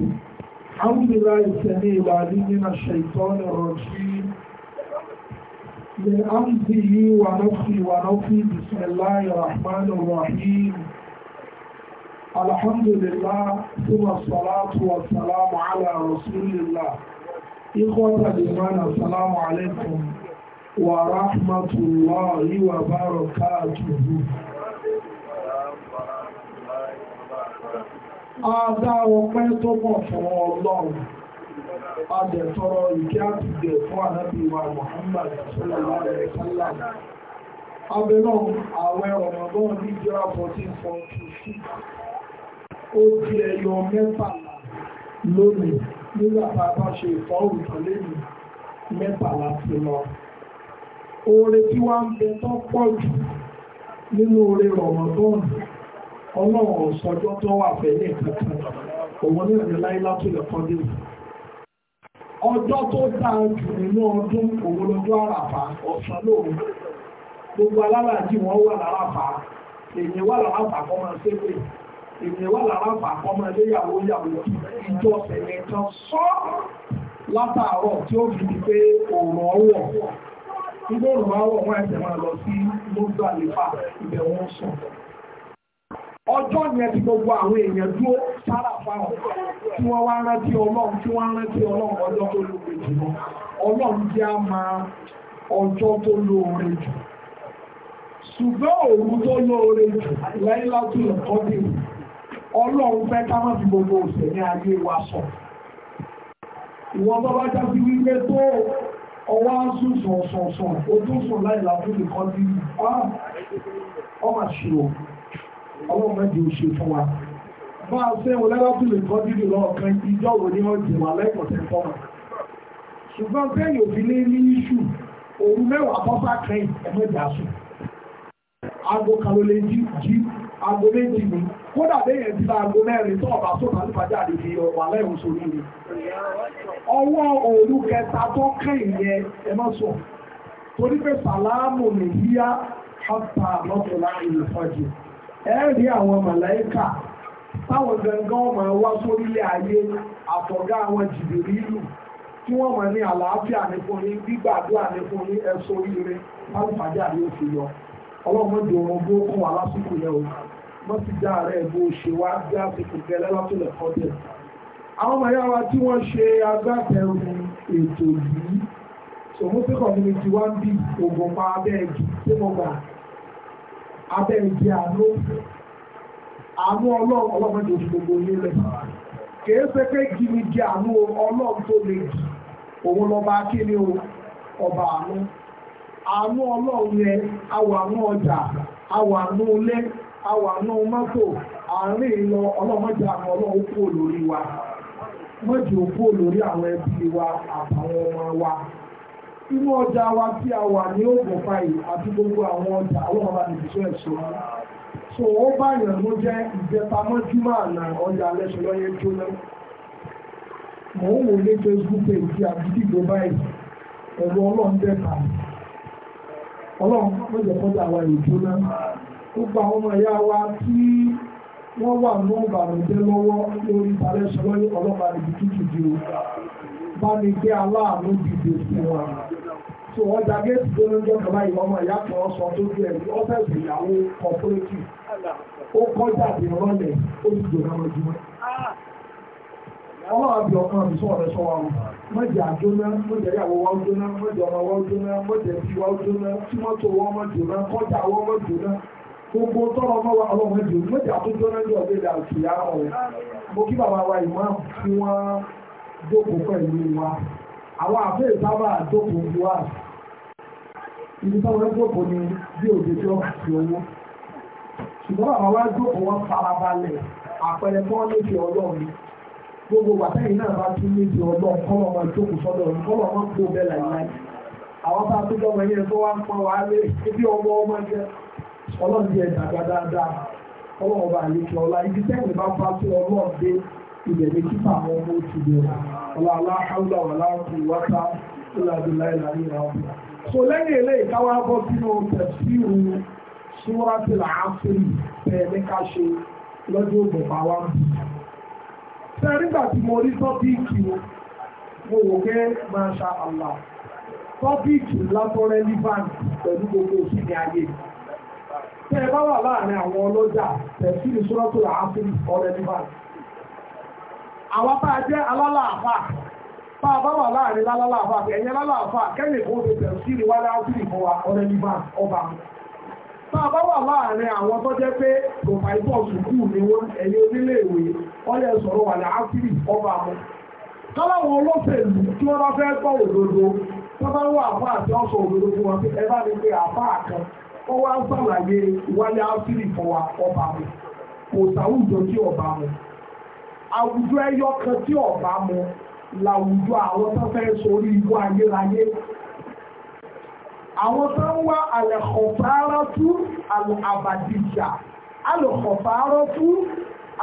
الحمد لله السميع العليم من الشيطان الرجيم من أمره ونفسي ونفسي بسم الله الرحمن الرحيم الحمد لله ثم الصلاة والسلام على رسول الله إخوة الإيمان السلام عليكم ورحمة الله وبركاته Adá ọpẹ́ tó pọ̀ fún Ọlọ́run. A dẹ̀ tọrọ ìkẹ́ àtìgbẹ̀ fún ànábì wa Muhammad sallallahu alaihi wasallam. Abẹ náà, ààwẹ̀ Ramadan ní Jẹ́ra 1446. Ó di ẹyọ mẹ́tàlá lónìí nígbà tá a bá ṣe ìfọ́rùn ìtọ́lẹ́yìn mẹ́tàlá ti lọ. Oore tí wá ń bẹ tó pọ̀ jù nínú oore Ramadan ọlọ́run ọ̀sọ́jọ́ tó wà fẹ́lẹ̀ kankan òun náà ní láìlátò lẹ́kọ́dé ọjọ́ tó dáa jù nínú ọdún òun lọ́jọ́ àràfà ọ̀sán lóòrùn gbogbo alálàájì wọn wà láràfà èèyàn wà láràfà kọ́ máa ṣépè èèyàn wà láràfà kọ́ máa léyàwó yàwó ìjọ ọ̀sẹ̀lẹ̀ kan sọ́ látàárọ̀ tí ó fi di pé òòrùn ọwọ́ nígbà òòrùn ọwọ́ wọn ẹsẹ̀ máa lọ sí mọ́tò àlefà ibẹ̀ wọn sọ̀tọ̀ ọjọ́ yẹn ti gbogbo àwọn èèyàn dúró sára fáwọn tí wọ́n wá rántí ọlọ́run tí wọ́n rántí ọlọ́run ọjọ́ tó lóore jù ọlọ́run jẹ́ á máa ọjọ́ tó lóore jù ṣùgbọ́n òru tó lóore jù lẹ́yìn látò ẹ̀kọ́ bí ọlọ́run fẹ́ ká má fi gbogbo òsè ní ayé wa sọ ìwọ́n bá bá jáde wípé tó ọwọ́ á sùn sọ̀sọ̀sọ̀ ojú sùn láì látò ẹ̀kọ́ bí ọmọ ṣe òkú ọlọ́run mẹ́jì ò ṣe fún wa bá a ṣe wọn lẹ́lá tó lè kọ́ dídì lọ́ọ̀kan ìjọ wo ni wọ́n ti wà lẹ́kọ̀ọ́sẹ̀ fọ́nà ṣùgbọ́n bẹ́ẹ̀ yóò fi lé ní iṣu òru mẹ́wàá bọ́sà kan ẹ̀mẹ́jà sùn aago kan ló lè jí jí aago méjì ni kódà béèyàn ti bá aago mẹ́rin tó ọ̀bà tó tàbí fàjà àdìdì wà lẹ́yìn oṣù nílé ọwọ́ òru kẹta tó kẹ́yìn yẹn ẹ má sọ torí pé sàlámù nìyíyá hàtà lọ́tọ̀lá ìlú fàjì ẹ̀rí àwọn màláíkà táwọn gangan ọmọ wá sórílẹ̀ ayé àtọ̀gá àwọn jìbìrì ìlú tí wọ́n mọ̀ ní àlàáfíà ní fún yín gbígbàdúrà ní fún yín ẹ̀sọ́ ire pálífàdé àrí òfin lọ ọlọ́run di ọ̀rọ̀ bó kún wa lásìkò yẹn o wọ́n ti dá ààrẹ bó ṣe wá bí àsìkò gẹ́lẹ́ látòlẹ̀ kọ́ dẹ̀ àwọn ọmọ yàrá tí wọ́n ṣe agbátẹrù ètò yìí sọmọ́sí kọ̀ọ̀mù ti wá ògùn pa abẹ́ tí mo gbà abẹ́ ìdí àánú àánú ọlọ́run ọlọ́run tó fi gbogbo yín lẹ̀ kìí ṣe pé kí ni di àánú ọlọ́run o ọba àánú àánú ọlọ́run yẹn awọ àánú ọjà awọ àánú ilé awọ àánú mọ́tò àárín ìlọ ọlọ́mọjà àwọn ọlọ́run lórí wa lórí àwọn wa. inú ọjà wa tí a wà ní ògùn fàyè àti gbogbo àwọn ọjà àwọn ọba nìbísọ̀ ẹ̀ṣọ́ so ó báyàn ló jẹ́ ìjẹpamọ́júmọ́ àná ọjà lẹ́sọ̀ lọ́yẹ jóná mò ń wò lé Facebook page ti àbídìgbò báyìí ẹ̀rọ ọlọ́run dẹ́ka ọlọ́run mọ̀jẹ̀ kọjá wa ìjóná gbogbo àwọn ọmọ ẹ̀yà wa tí wọ́n wà ní ìbànújẹ́ lọ́wọ́ lórí ìtàlẹ́sọ̀ lọ́yẹ ọlọ́pàá nìbí tútù bá mi gbé aláàánú dìde fún wa. so wọ́n ja géètì tó ló ń jọ́ kàbá ìwọ́n mọ̀ ìyá kan sọ ìyàwó kọ̀pọ̀lẹ́tì ó kọjá àti ìrọ̀lẹ́ ó náà àbí sọ̀rọ̀ sọ wa o mọ̀jẹ̀ mọ̀jẹ̀ ìyàwó wa jóná mọ̀jẹ̀ ọmọ wa jóná mọ̀jẹ̀ wa ibi táwọn ẹjọ́kọ̀ ni bí òjòjò àti owó ṣùgbọ́n àwọn ẹjọ́kọ̀ wọn farabalẹ̀ àpẹẹrẹ tó wọ́n léṣe ọlọ́run gbogbo wàtẹ́yìn náà bá tún léṣe ọlọ́run kọ́lọ̀ wọn jókòó sọ́dọ̀ ọ̀run kọ́lọ̀ wọn kó bẹ́ẹ̀ láìláì àwọn bá tó dọ́mọ yẹn tó wá ń pọn wá lé ibi ọmọ ọmọ jẹ ọlọ́run jẹ dàgbà dáadáa ọlọ́run bá léṣe ọlá ibi tẹ́yìn bá bá tó ọlọ́run dé ibẹ̀ ní kíkà àwọn ọmọ òtù bẹ̀rẹ̀ ọlọ́run aláhàlúwà wà láàkú wákà ó làbí láìláì so lẹ́yìn ilé ìkáwá bọ́ sínú tẹ̀síìrù súnmọ́tì làásìrì tẹ̀lé ká ṣe lọ́jọ́ ògbòpá wa ń bì. ṣé nígbà tí mo rí tọ́píìkì o mo wò pé masha allah tọ́píìkì látọ́rẹ́ liban pẹ̀lú gbogbo òsínì ayé tẹ́ ẹ bá wà láàrin àwọn ọlọ́jà tẹ̀síìrù súnmọ́tì làásìrì ọ̀rẹ́ liban. àwọn bá jẹ́ alálàáfà bá a bá wà láàrin lálálàáfà ẹ̀yẹ lálàáfà kẹ́lẹ̀ kó ṣe bẹ̀rù sí ìwà láàbìrì fún wa ọ̀rẹ́ ní ọba bá a bá wà láàrin àwọn tó jẹ́ pé gòfàìbọ̀ sùkúù ni wọ́n ẹ̀yẹ onílé ìwé ọlẹ́ sọ̀rọ̀ wà láàbìrì ọba mọ́ káláwọn olóṣèlú tí wọ́n bá fẹ́ gbọ́ òdodo tó bá wà àfà àti ọ̀sọ̀ òdodo fún wọn ẹ bá ní pé àfà kan ó wá ń sàlàyé wálé áfírì fún wa ọba mọ́ kò sàwùjọ tí ọba mọ́ àwùjọ ẹyọ kan tí ọba mọ́ làwùjọ àwọn tó fẹ́ sórí ibú ayérayé àwọn tó ń wá alẹ́kọ̀ọ́fárọ́tú alàbàdìjà alẹ́kọ̀ọ́fárọ́tú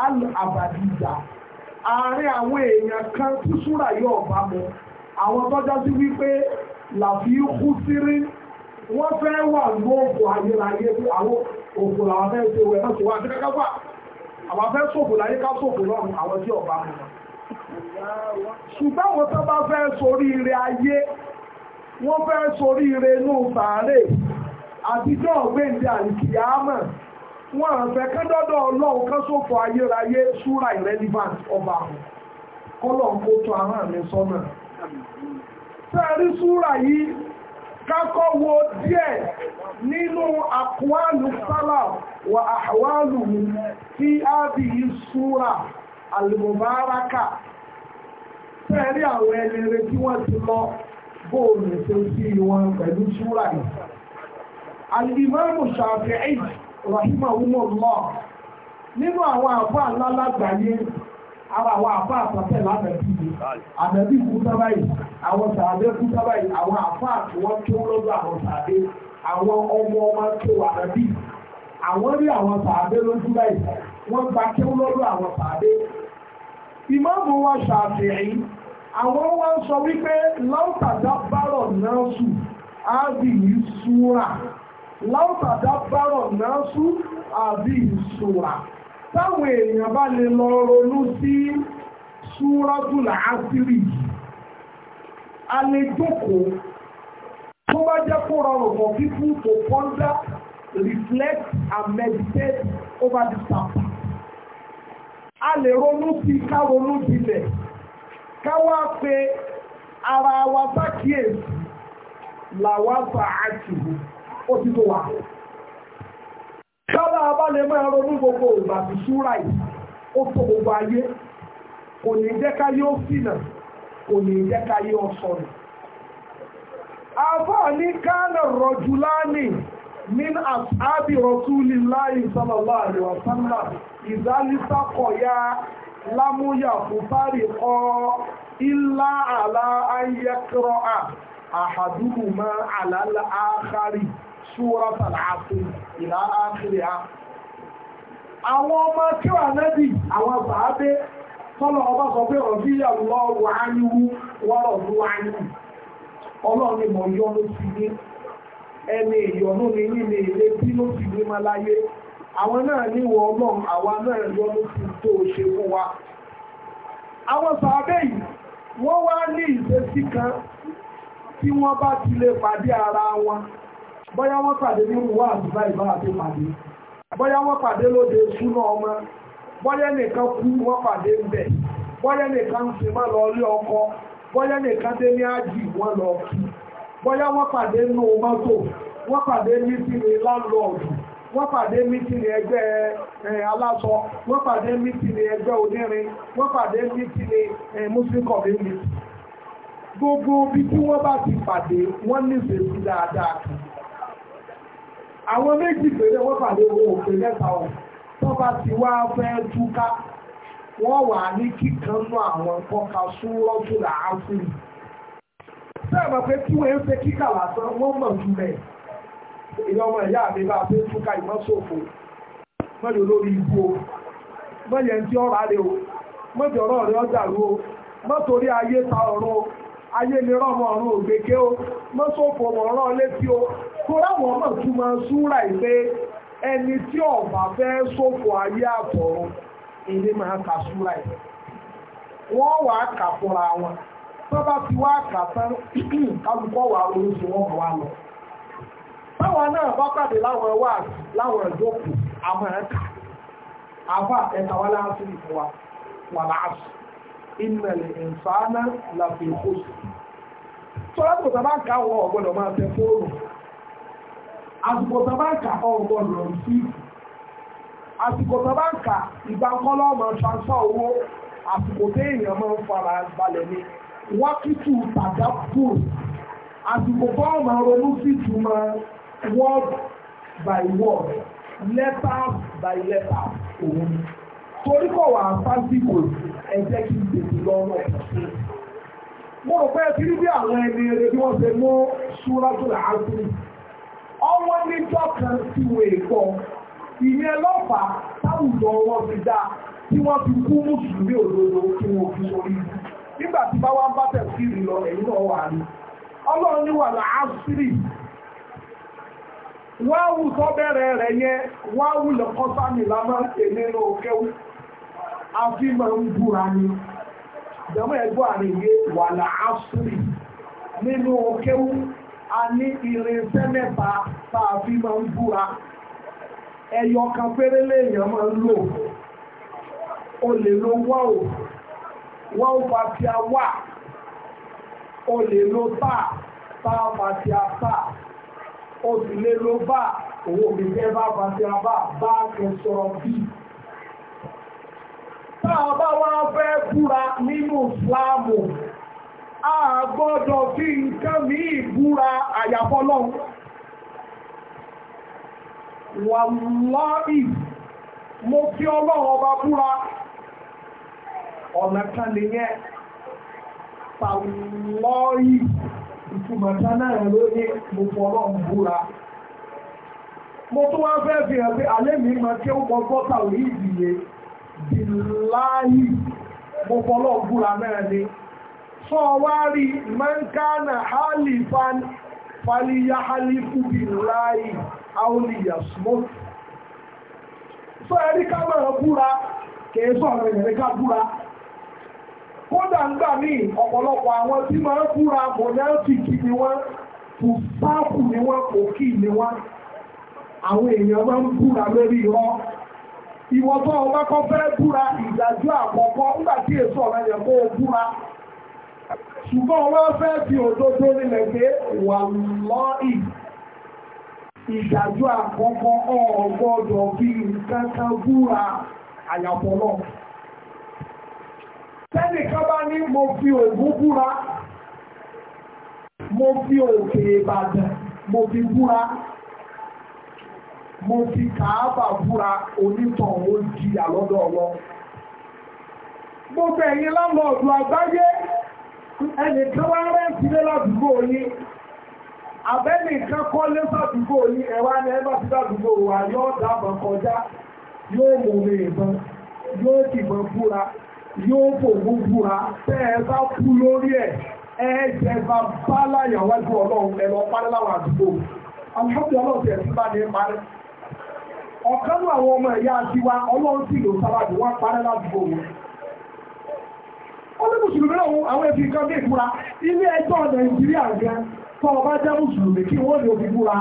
alàbàdìjà ààrẹ àwọn èèyàn kan tí súrà yóò bá mọ́ àwọn tọ́já sí wípé làfi kú sírí wọ́n fẹ́ wà ní òkú ayérayé àwọn òkú làwọn fẹ́ ṣe wẹ̀ náà ṣe wá àti kẹ́kẹ́ fà àwọn fẹ́ ṣòfò láyé ká ṣòfò lọ́rùn àwọn tí ọba mọ́ ṣùgbọ́n àwọn tó bá fẹ́ sórí ire ayé wọ́n fẹ́ sórí ire inú sàárè àtijọ́ ọ̀gbẹ́ǹdé àìkìyàmọ̀ wọ́n àfẹ́ kẹ́dọ́dọ̀ ọlọ́run kan sófò ayérayé ṣúra irrelevant ọba àwọn kọ́lọ̀ ń kó tó àwọn àmì sọ́nà sẹ́rí ṣúra yìí kákọ́ wo díẹ̀ nínú àkúwálù sálà wà àwálù fi ábì yìí ṣúra al-mubaraka Fẹ́ẹ̀rí àwọn ẹlẹ́rẹ́ tí wọ́n ti lọ bóòlù tó sí wọn pẹ̀lú ṣúra yìí. Al-Imamu Shafi'i rahimahumullah nínú àwọn àfáà ńlá lágbàáyé ara àwọn àfáà àtàtẹ̀ lánàbí ni ànàbí kú sábàyì àwọn sàádé kú sábàyì àwọn àfáà tí wọ́n tó lọ́dọ̀ àwọn sàádé àwọn ọmọ ọmọ tó ànàbí àwọn rí àwọn sàádé lójú báyìí wọ́n gba tó lọ́dọ̀ àwọn sàádé ìmáàmù wa Ṣàfi'í àwọn wá ń sọ wípé láùtàdá bárọ̀ náà sù ábì yìí súra láùtàdá bárọ̀ náà sù ábì yìí súra táwọn èèyàn bá lè lọ ronú sí súratul àsírì yìí a lè jókòó tó bá jẹ́ kó rọrùn for people to ponder reflect and meditate over the chapter a lè ronú sí ká ronú jinlẹ̀ káwá pé ara wa sákìyèsí làwa fà á tìbò ó ti tó wà. Kọ́lá abálẹ̀ máa ronú gbogbo ìgbà tí súra yìí, ó tó gbogbo ayé, kò ní jẹ́ ká fìnà, kò ní jẹ́ ká yóò Àfáà ní kánà rọ̀jù láàní min ashabi rasulillahi sallallahu alaihi wasallam ìzálísàkọ̀ ya lámúyà fúfárì ọ ilá àlá ayẹ́kọ́rọ́ à àhàdúrù mọ́ àlálà ákárì ṣúra tàlàáfù ìlà ákárì à. àwọn ọmọ kí wà nẹ́bì àwọn bàábé tọ́lọ̀ ọba sọ pé ọ̀bíyà lọ́wọ́ ányúwú wọ́rọ̀ lọ́wọ́ ányúwú ọlọ́run ni mọ̀ yọ́nú ti ní ẹni ìyọ́nú ni yí ni èlé bínú ti ní máa láyé àwọn náà níwọ ọlọ́run àwa náà yọnu sí tó ṣe fún wa àwọn sàábẹ́ yìí wọ́n wá ní kan tí wọ́n bá ti lè pàdé ara wọn bóyá wọ́n pàdé nínú wà àdúrà ìbára tó pàdé bóyá wọ́n pàdé lóde súná ọmọ nìkan kú wọ́n pàdé ń bẹ̀ nìkan fi lọ ọkọ nìkan dé ní ájì wọ́n lọ wọ́n pàdé mọ́tò wọ́n pàdé wọ́n pàdé mítìnì ẹgbẹ́ aláṣọ wọ́n pàdé mítìnì ẹgbẹ́ onírin wọ́n pàdé mítìnì muslim community gbogbo bí tí wọ́n bá ti pàdé wọ́n nífẹ̀ẹ́ sí dáadáa kan àwọn méjì péré wọ́n pàdé owó òfin mẹ́ta ọ̀ wọ́n bá ti wá fẹ́ túká wọ́n wà ní kíkanú àwọn kọ́ka súnrọ́tù làásùn. sẹ́ẹ̀mọ̀ pé tí wọ́n ń fẹ́ kíkà lásán wọ́n mọ̀ jù bẹ́ẹ̀. ìyá ọmọ ìyá mi bá fún fúnka ìmọ́sòfò mọ́jọ lórí ibú o mọ́jẹ tí ọ̀rọ̀ àrẹ o mọ́jọ ọ̀rọ̀ rẹ ọjà rú o mọ́torí ayé ta ọ̀run o ayé ni rọ́mọ ọ̀run ògbèké o mọ́sòfò mọ̀ létí o tó ráwọn ọmọ túmọ̀ súra ìpè ẹni tí ọ̀bà fẹ́ sòfò ayé àtọ̀run èdè máa kà súra ẹ̀ wọ́n wà á kà fúnra wọn tó bá ti wá kà tán kálukọ́ wà oríṣi wọn lọ. táwọn náà bá pàdé láwọn wà láwọn ìjókòó àmọ́ ẹ̀ka àfà ẹ̀ka wà láàásù ìfún wa wà láàásù ìmẹ̀lẹ̀ ìfàánà làfi ìkóso tọ́lọ́pù sábà ká wọ ọ̀gbọ́dọ̀ máa tẹ fóònù àsìkò sábà ká ọ̀gbọ́dọ̀ sí àsìkò sábà ká ìgbàkọ́lọ́ máa transfer owó àsìkò téèyàn máa ń fara balẹ̀ ní wákìtù tàdápù àsìkò fọ́ọ̀mù ronú sí ìtumọ̀ word by word letter by letter òun torí kọ̀ wá fásitì ẹ jẹ́ kí n tètè lọ́rọ̀ ẹ̀ mo rò pé kiri bí àwọn ẹni eré bí wọ́n ṣe mú ṣúrọ́tùlà ákùnrin ọwọ́ níjọ́ kan sí wo èkó ìyẹn lọ́fà táwùjọ wọn fi dá tí wọ́n fi kú mùsùlùmí òdodo kí wọ́n fi orí nígbà tí bá wá ń bá tẹ̀síìrì lọ ẹ̀yìn náà wà ní ọlọ́run ní wà láásírì wáwù tó bẹ̀rẹ̀ rẹ̀ yẹn wáwù lọ́kọ́ sáàmì lámá ṣe nínú àfi máa ń búra ni ìjọba ẹgbọ́ àrèyé wà láásùrì nínú a ní irinṣẹ́ mẹ́ta tá a fi máa ń búra ẹyọ kan péré lèèyàn máa ń lò o lo wáwù wáwù pàtí wà o lè lo taa, táà pàtí a obìnrin ló bá owó mi fẹ́ bá bàtìrà bá bá kẹsọ̀rọ̀ bí. tá a bá wá fẹ́ búra nínú ìsìláàmù a gbọ́dọ̀ fi nǹkan míì búra àyàfọ́lọ́hún. wàláì mo fi ọlọ́run ọba búra ọ̀nà kan nìyẹn pàlọ́yì ìtumọ̀ta náà ló ní mo fọ́lọ́ ń búra mo tún wá fẹ́ fi hàn pé alẹ́ mi máa kí ó gbọ́ tàwé ìdìye bíláyì mo fọ́lọ́ ń búra náà ni sọ wá rí mẹ́ńkánà hálífán fàlíyá hálífù bíláyì áúlìyà smoke sọ ẹ̀rí ká máa búra kèé sọ̀rọ̀ ìrẹ̀ká búra kódà ń gbà mí ọ̀pọ̀lọpọ̀ àwọn tí máa ń fúra mọ̀nẹ́ẹ̀tìkì ni wọ́n kò sáàkù ni wọ́n kò kí ni wọ́n àwọn èèyàn máa ń búra lórí irọ́ ìwọ tó o bá kọ́ fẹ́ búra ìdájọ́ àkọ́kọ́ nígbà tí èso ọ̀rẹ́ yẹn kó o búra ṣùgbọ́n o wá fẹ́ fi òdodo nílẹ̀ pé wà lọ́ọ̀ì ìdájọ́ àkọ́kọ́ ọ̀gbọ́dọ̀ fi nǹkan kan búra àyàfọ́ náà tẹ́nìkan bá ní mo fi ògùn búra mo fi òkè ìbàdàn mo fi búra mo fi kàábà búra onítàn ó di àlọ́dọ̀ ọlọ́ gbogbo ẹ̀yin láńlọ́ọ̀dù àgbáyé ẹnìkan wá rẹ́ǹtì lé ládùúgbò yín abẹ́ni nǹkan kọ́ lé sàdúgbò yìí ẹ̀wà ni ẹ̀bá ti sàdúgbò wà yóò dábọ̀ kọjá yóò mòrè ìbọn yóò dìbọn búra yóò fòmú búra tẹ́ ẹ bá kú lórí ẹ̀ ẹ̀ẹ́jẹ̀ bá bá láyàwájú ọlọ́run ẹ̀lọ parí láwọn àdúgbò alhamdu ọlọ́run tẹ̀ sí bá ní parí ọ̀kan ní àwọn ọmọ ẹ̀yà ti wá ọlọ́run sì lò sábàbí wá parí ládùúgbò wọn ọdún mùsùlùmí náà àwọn ẹbí kan bí ìbúra ilé ẹjọ́ nàìjíríà gan tó ọba jẹ́ mùsùlùmí kí wọ́n lè òbí búra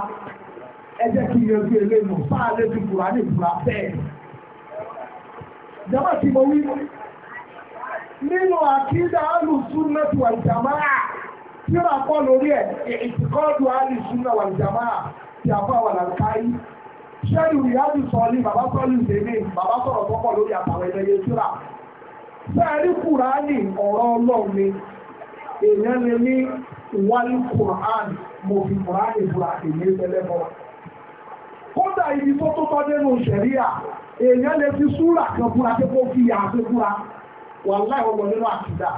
ẹjẹ́ kí iye ojú eléyìí sáà lè fi ní ìbúra bẹ́ẹ̀ nínú àkídà alùsúnnàtù àìjàmáà tí ó pọ̀ lórí ẹ̀ ìtìkọ́dù alùsúnnà àìjàmáà tí a fọ́ àwọn àlùkáyí ṣẹ́lù ìyájú sọ ní bàbá sọ́lù tèmi bàbá sọ̀rọ̀ tó pọ̀ lórí àtàwọn ẹlẹ́yẹ síra fẹ́ẹ̀rí kùránì ọ̀rọ̀ ọlọ́run ni èèyàn lè ní wálí kùránì mo fi kùránì búra wà láì ọwọ́ nínú àkìdá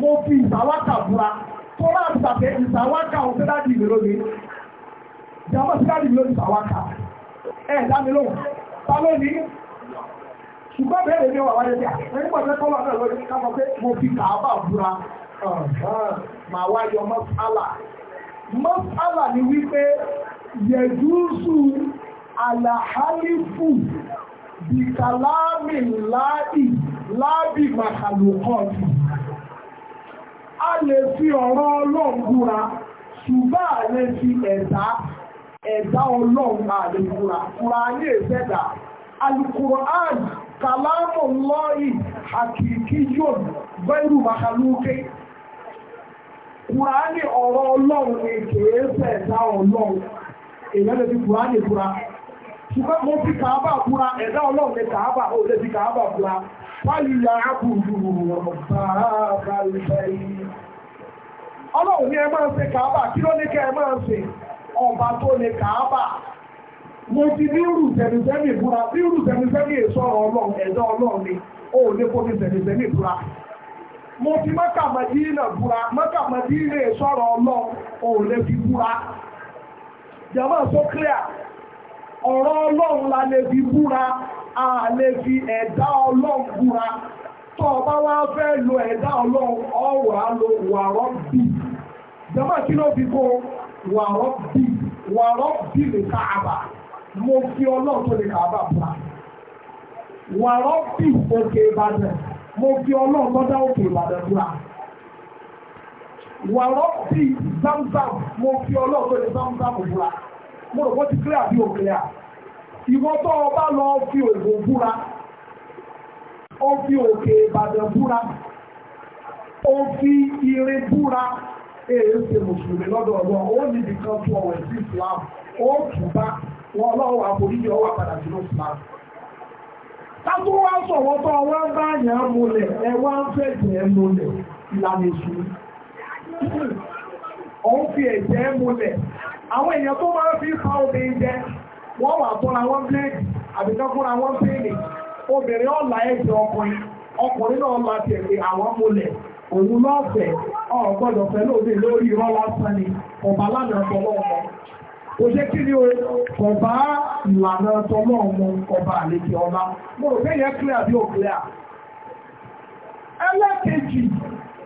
mo fi ìsàwákà búra tó rà àbùsàpé ìsàwákà ò sí dájú ìlú lónìí ìjàmbá sí dájú ìlú lónìí ìsàwákà ẹ̀ dá mi lóhùn ta lónìí ṣùgbọ́n bẹ́ẹ̀ ni wà wáyé bí i nígbà tó tọ́lọ̀ náà lórí kápọ̀ pé mo fi kàábà búra mà wá yọ mọ́sálà mọ́sálà ni ìkàlámì láì lábì màkàlùkọ́ọ̀tì a lè fi ọ̀rọ̀ ọlọ́run búra ṣùgbọ́n a lè fi ẹ̀dá ẹ̀dá ọlọ́run a lè búra fúra ní ìṣẹ̀dá alukur'an kàlámù lọ́ọ̀yì àkìkí yóò bẹ́rù màkàlùkẹ́ kùránì ọ̀rọ̀ ọlọ́run ni kèé fẹ̀ẹ́dá ọlọ́run èèyàn lè fi kùránì búra ṣùgbọ́n mo fi kàábà fúra ẹ̀dá ọlọ́run lè kàábà ó lè fi kàábà fúra wáyé ya ápùlù ọ̀bá ìfẹ́ yìí ọlọ́run ní ẹ máa ń ṣe kàábà kí ló ní kẹ́ ẹ máa ń ṣe ọba tó lè kàábà mo ti ní rù tẹ̀mítẹ́mì fúra ní rù tẹ̀mítẹ́mì èso ọlọ́run ẹ̀dá ọlọ́run ni ó lè kó ní tẹ̀mítẹ́mì fúra mo fi mọ́kà màdínà fúra mọ́kà màdínà èso ọlọ́run ó fi fúra jàmọ́ so clear ọ̀rọ̀ ọlọ́run la lè fi búra a lè fi ẹ̀dá ọlọ́run búra tó ọba wá fẹ́ lo ẹ̀dá ọlọ́run ọwà lo wàrọ́ bì jọba kí ló fi kó wàrọ́ bì wàrọ́ bì lè ka àbà mo fi ọlọ́run tó lè ka àbà búra wàrọ́ bì òkè ìbàdàn mo fi ọlọ́run tó òkè ìbàdàn búra wàrọ́ bì zamzam mo fi ọlọ́run tó lè zamzam búra mo rò wọ́n ti clear bí o clear ìwọ tó o bá lọ fi òògùn búra ó fi òkè ìbàdàn búra ó fi irin búra èyí ṣe mùsùlùmí lọ́dọ̀ ọ̀dọ̀ ó níbi kan tó ọ̀wẹ̀ sí Islam ó tù bá wọn lọ́wọ́ àforíjì ọwọ́ padà sínú Islam tátó wá sọ̀rọ̀ tó wá ń bá yàn án múlẹ̀ ẹ wá ń fẹ́ jẹ́ ẹ múlẹ̀ ìlànà èṣù ọ̀hún fi ẹ̀jẹ̀ múlẹ̀ àwọn èèyàn tó máa fi fa jẹ wọ́n wà fúnra wọn bíléèdì àbíkọ́ fúnra wọn píìnì obìnrin ọ̀la ẹ̀jẹ̀ ọkùnrin ọkùnrin náà máa tẹ̀lé àwọn múlẹ̀ òun lọ́ọ̀fẹ́ ọ̀gbọ́dọ̀ pẹ̀lú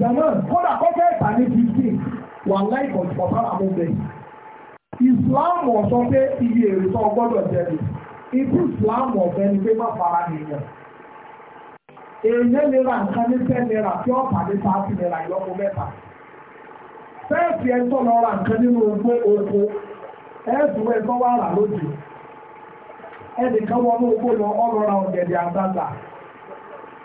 jama kódà kọ́kẹ́ ìta 15 fifteen wà láì kọ̀ọ̀tù ọ̀fà àwọn ọmọ yìí pé iye èrè gbọ́dọ̀ jẹ ibi islam ni pé má fara nìyẹn èèyàn lera nǹkan ní ten naira tí ó pàdé sáàtì naira ìlọ́po mẹ́ta fẹ́ẹ̀sì lọ ra nǹkan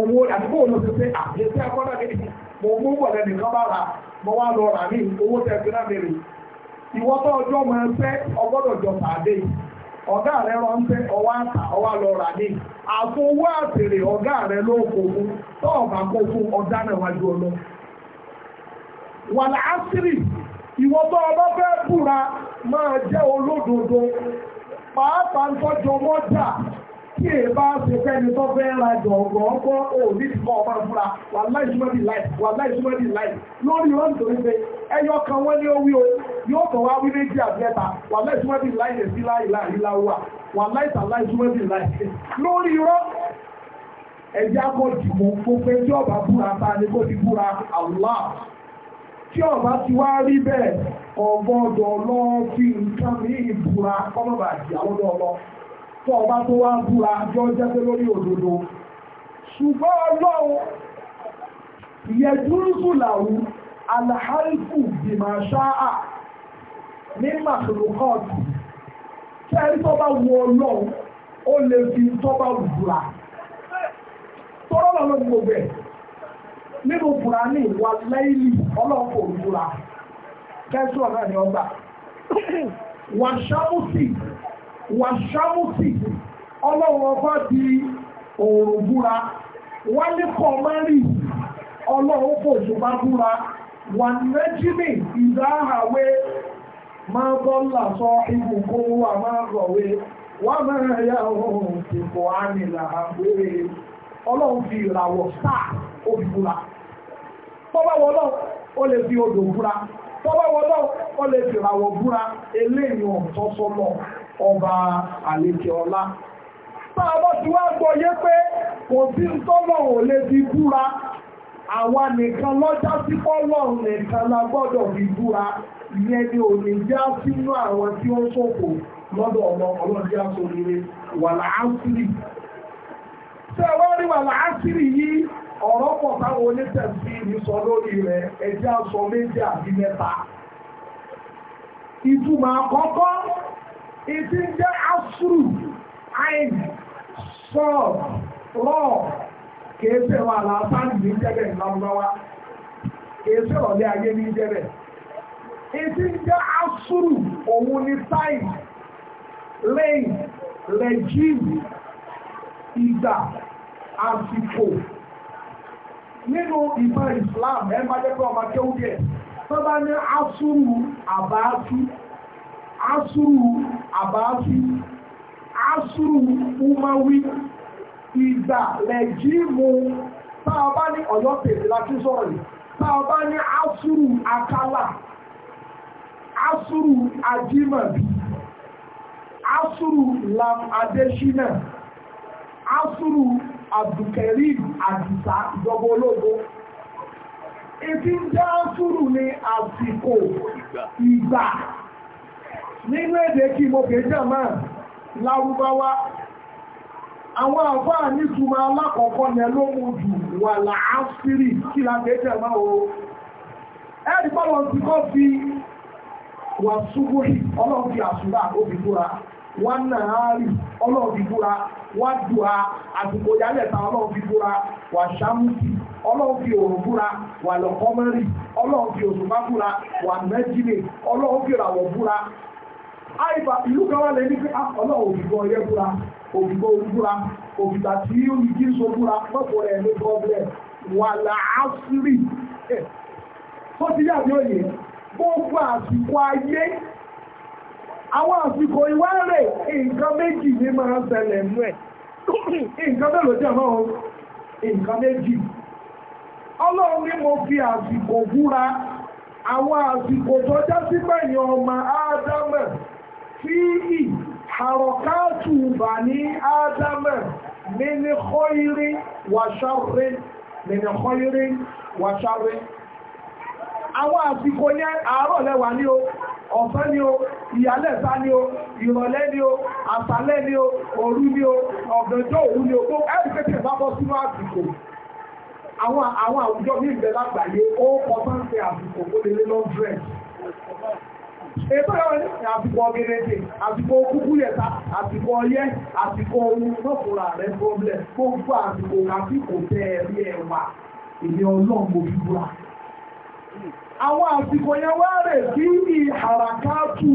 owó àdúgbò olóṣèṣẹ́ àyẹ̀sí akọ́dà kejì mo mú bọ̀dẹ̀ nìkan bá ra mo wá lọ rà ní owó tẹ̀sí náà mèrè ọjọ́ jọ pàdé ọ̀gá rẹ àtà lọ rà ní àtèrè ọ̀gá rẹ ló ọlọ. búra máa jẹ́ olódodo pàápàá ń tọ́jú tí èyí bá ṣe fẹ́ni tó fẹ́ ra gbọ̀ngbọ̀n ọkọ̀ ò ní ìtumọ̀ ọmọ ìfúra wà láìsúmọ́dì láì wà láìsúmọ́dì láì lórí wọn tó ń pe ẹyọ kan wọ́n ní owí o yóò kàn wá wí méjì àti ẹ̀ta wà láìsúmọ́dì láì lè sí láì láì láwà wà láìsà láìsúmọ́dì láì lórí wọn ẹ̀yà kò dìbò gbogbo tí ọba búra ta ni kò ti búra Allah tí ọba ti wá rí bẹ́ẹ̀ ọgbọ́dọ̀ lọ́ọ́ fi nǹkan ní ìbúra kọ́mọ̀bà àti àwọn ọlọ́ọ̀ fún ọba tó wá ń búra jọ jẹ́ pé lórí òdodo ṣùgbọ́n ọlọ́run ìyẹ̀dúrúkú làwù alaharifu bìmáṣáà ní màkìlúkọ́ọ̀tù kẹ́rí tó bá wu ọlọ́run ó lè fi tó bá wù búra tọ́rọ́ lọ́nà gbogbo ẹ̀ nínú búra ní ìwà lẹ́yìn ọlọ́pọ̀ òbúra kẹ́sùn ọ̀nà ni ọgbà wàṣámùsì wà ṣámúsì ọlọ́run ọba di òòrùn búra wálé kọ̀ọ̀mọ́rì ọlọ́run kò ṣùgbọ́n búra wà nẹ́jìmì ìdáhàwé máa bọ́lá sọ ibùkún wà máa rọ̀wé wà máa yà òun ti bọ̀ ánìlà àgbére ọlọ́run fi ìràwọ̀ sáà ó búra tọ́bá ó lè fi odò búra ọba àlejò ọlá wá gbọ́ yé pé kò sí tọ́lọ̀ ò lè fi búra àwa nìkan lọ́jọ́ sí pọ́lọ́run nìkan la gbọ́dọ̀ fi búra ìyẹn ni ò ní já sínú àwọn tí ó ṣòfò lọ́dọ̀ ọmọ ọlọ́dí ọ̀rọ̀ ìdí jẹ́ asúrù àìní sọ́ọ̀ rọ̀ kèéfè wà láàbáàlì ní jẹ́bẹ̀ lọ́wọ́wá kèéfè ọ̀lẹ́ ayé ní jẹ́bẹ̀ ìdí jẹ́ asúrù òun ní táìmù lẹ́yìn lẹ́jìmù ìgbà àsìkò nínú ìmọ̀ Islam ẹ̀ máa jẹ́ pé ọmọ kéwúdẹ̀ tó bá ní asúrù àbáàtú asúrù àbáfí asúrù umawi ìgbà lẹ́jíìmù tá a bá ní ọ̀yọ́ tèmi láti sọ̀rọ̀ yìí tá bá ní asúrù akálà asúrù ajímọ̀bí asúrù lam adéṣínà asúrù abdulkareem àdìsá ìjọba ológo ètí ń jẹ́ asúrù ní àsìkò ìgbà. nínú èdè kí mo pè jàmá lárúbáwá àwọn àfáà ní alákọ̀ọ́kọ́ ní ẹlóhun jù wà láàásírì kí láti o ẹ̀rì pọ́lọ̀ ti kọ́ fi wà súgbóhì ọlọ́ọ̀fi àṣùgbà òbíbúra wà nàárì ọlọ́ọ̀bíbúra wà dùá wà òrùbúra wà lọ́kọ́mẹ́rì wà àìbà ìlú kan wà lẹ́ni pé ah, ọlọ́run òbíbọ̀ ọyẹ́ búra òbíbọ̀ òbúra òbíbà tí olùjí so búra pọ̀pọ̀ rẹ̀ ní problem wà láásírì tó ti yà òye gbogbo àsìkò ayé àwọn àsìkò nǹkan méjì ní máa ń mú ẹ̀ nǹkan mélòó jẹ́ náà nǹkan méjì ọlọ́run fíì àrọ̀káàtù bà ní ádámẹ̀ nínú kọ́irí wàṣáre nínú kọ́irí wàṣáre àwọn àsìkò yẹn àárọ̀ lẹ́wà ní o ọ̀sán ni o ìyálẹ̀ta ni o ìrọ̀lẹ́ ni o àṣálẹ́ ni o òru ni o ọ̀gànjọ́ òru ni o tó ẹ̀rì bá bọ́ sínú àsìkò àwọn àwùjọ ní ìgbẹ́ lágbàáyé ó kọ́ sáńtẹ̀ àsìkò ó lè lé lọ́ndrẹ́sì Ètò ẹ̀wọ̀ ní àsìkò ọ̀gẹ̀dẹ̀, àsìkò kúkú yẹta, àsìkò ọyẹ́, àsìkò ohun lọ́kùnrin ààrẹ problem, gbogbo àsìkò àsìkò tẹ ẹ̀rí ẹ̀wà, Àwọn àsìkò yẹn wá rè sí ìhàràkátù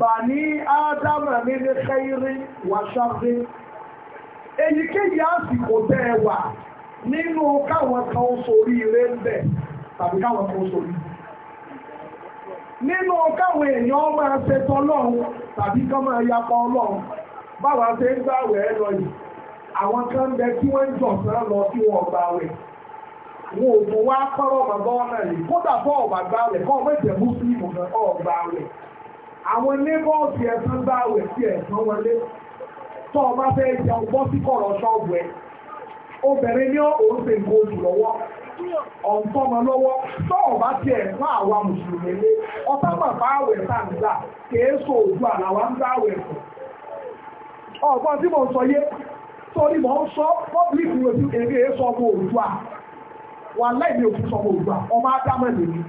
bà ní Ádámà ní ní Kẹ́rí Wàṣáré. Èyíkéyìí àsìkò tẹ nínú káwọn kan sórí rẹ̀ ń bẹ̀ tàbí káwọn kan sórí rẹ̀. nínú káwọn èèyàn máa ṣetọ́ ọlọ́run tàbí kán máa yapa ọlọ́run báwa ṣe ń gbàwẹ̀ lọ yìí àwọn kan bẹ tí wọ́n jọ̀sán lọ kí wọ́n gbàwẹ̀ wọn ò akọrọ wá kọ́rọ̀ màbọ́ náà yìí kódà bọ́ ọ̀bà gbàwẹ̀ kọ́ ọ̀ gbàwẹ̀ àwọn ẹ̀sán gbàwẹ̀ sí ẹ̀sán wọlé o bá fẹ́ jẹun bọ́ sí kọ̀rọ̀ ṣọ́ọ̀bù ẹ̀ obìnrin ní ọ̀ǹtọ́mọ lọ́wọ́ tọ́ọ̀ bá tiẹ̀ fún àwa mùsùlùmí lé ọ̀tá bàbá àwẹ̀ tá à ń gbà kèéso òdu àlàwà ń gbà fún. ọ̀gbọ́n tí mo sọ yé torí mo ń sọ public review eré sọ ọmọ Oòduà wà láì ní sọ ọmọ Oòduà ọmọ ádámọ̀ lèmi.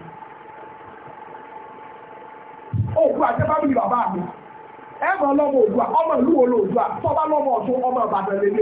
Oòduà jẹ́ bábìlì bàbá mi ẹ mọ̀ lọ́mọ Oòduà ọmọ ìlú wo lóòdùà tọ́ba lọ́mọ Ọ̀ṣun ọmọ Ìbàdàn lèmi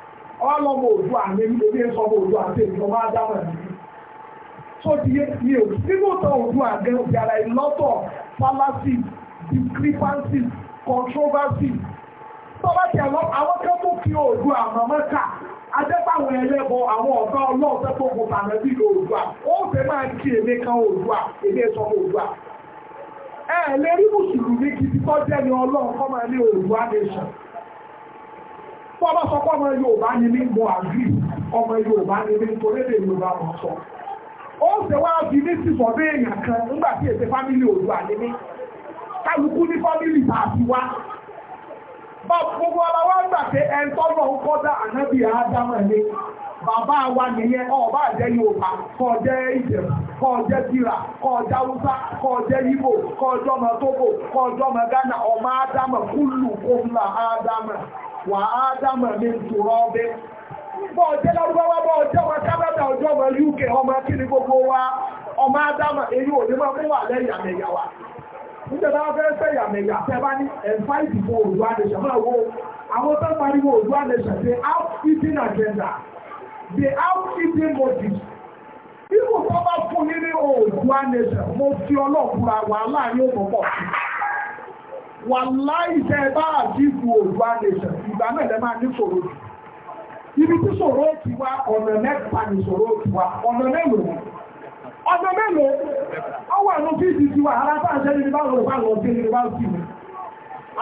ọlọ́mọ òdu àmì orí ẹ̀sọ́mọ òdu àti ìjọba ádámọ̀ ní. so di mi ò nínú ìtàn òdu àgẹ there are a lot of fallacies discrepancies controversies tọ́lá ti àwọn àwọn kan mú kí òdu àmọ́mọ́ká adẹ́pàwọn ẹlẹ́bọ àwọn ọ̀gá ọlọ́ọ̀tẹ́ tó kò tààrẹ bí ní òdu à ó fẹ́ máa kí èmi kan òdu à èmi ẹ̀sọ́mọ òdu à ẹ̀ẹ́lẹ́rí mùsùlùmí gidi tó jẹ́ ní ọlọ́ọ̀kọ́ máa ní òdu à nation fún ọba sọ pé ọmọ Yorùbá ni mí mo àgbì ọmọ Yorùbá ni mí torí èdè Yorùbá wọn sọ ó ṣe wá bí ní sísọ bí èèyàn kan nígbà tí èsè fámìlì Oòduà ni mí kálukú ní fámìlì tá a ti wá bá gbogbo ọba wá gbà pé ẹn tọ́nà ń kọ́dá ànábì àádámọ̀ ni bàbá wa nìyẹn ọba àjẹ Yorùbá kò jẹ́ Ìjẹ̀bú kò jẹ́ tìrà kò jẹ́ Haúsá kò ọmọ Togo kúlù kó ńlá àádámọ̀ wà á dámà ní ìtura ọbẹ̀ bọ́ ọjẹ́ lọ́gbọ́wọ́ bọ́ ọjọ́ ọmọ ọjọ́ ọmọ UK ọmọ gbogbo wa ọmọ adámà èyí ò ní máa fún wà lẹ́yàmẹ̀yà wa níjọba fẹ́ fẹ́ wo outfitting agenda Ibùsọ́ bá fún mo fi wà láàrin wà láìsẹ̀ bá àjíkù òdúwà nation ìgbà náà máa ní ṣòro ibi tí ṣòro ti wá ọ̀nà mẹ́ta ti wá ọ̀nà mélòó ọ̀nà ti wà ara sáà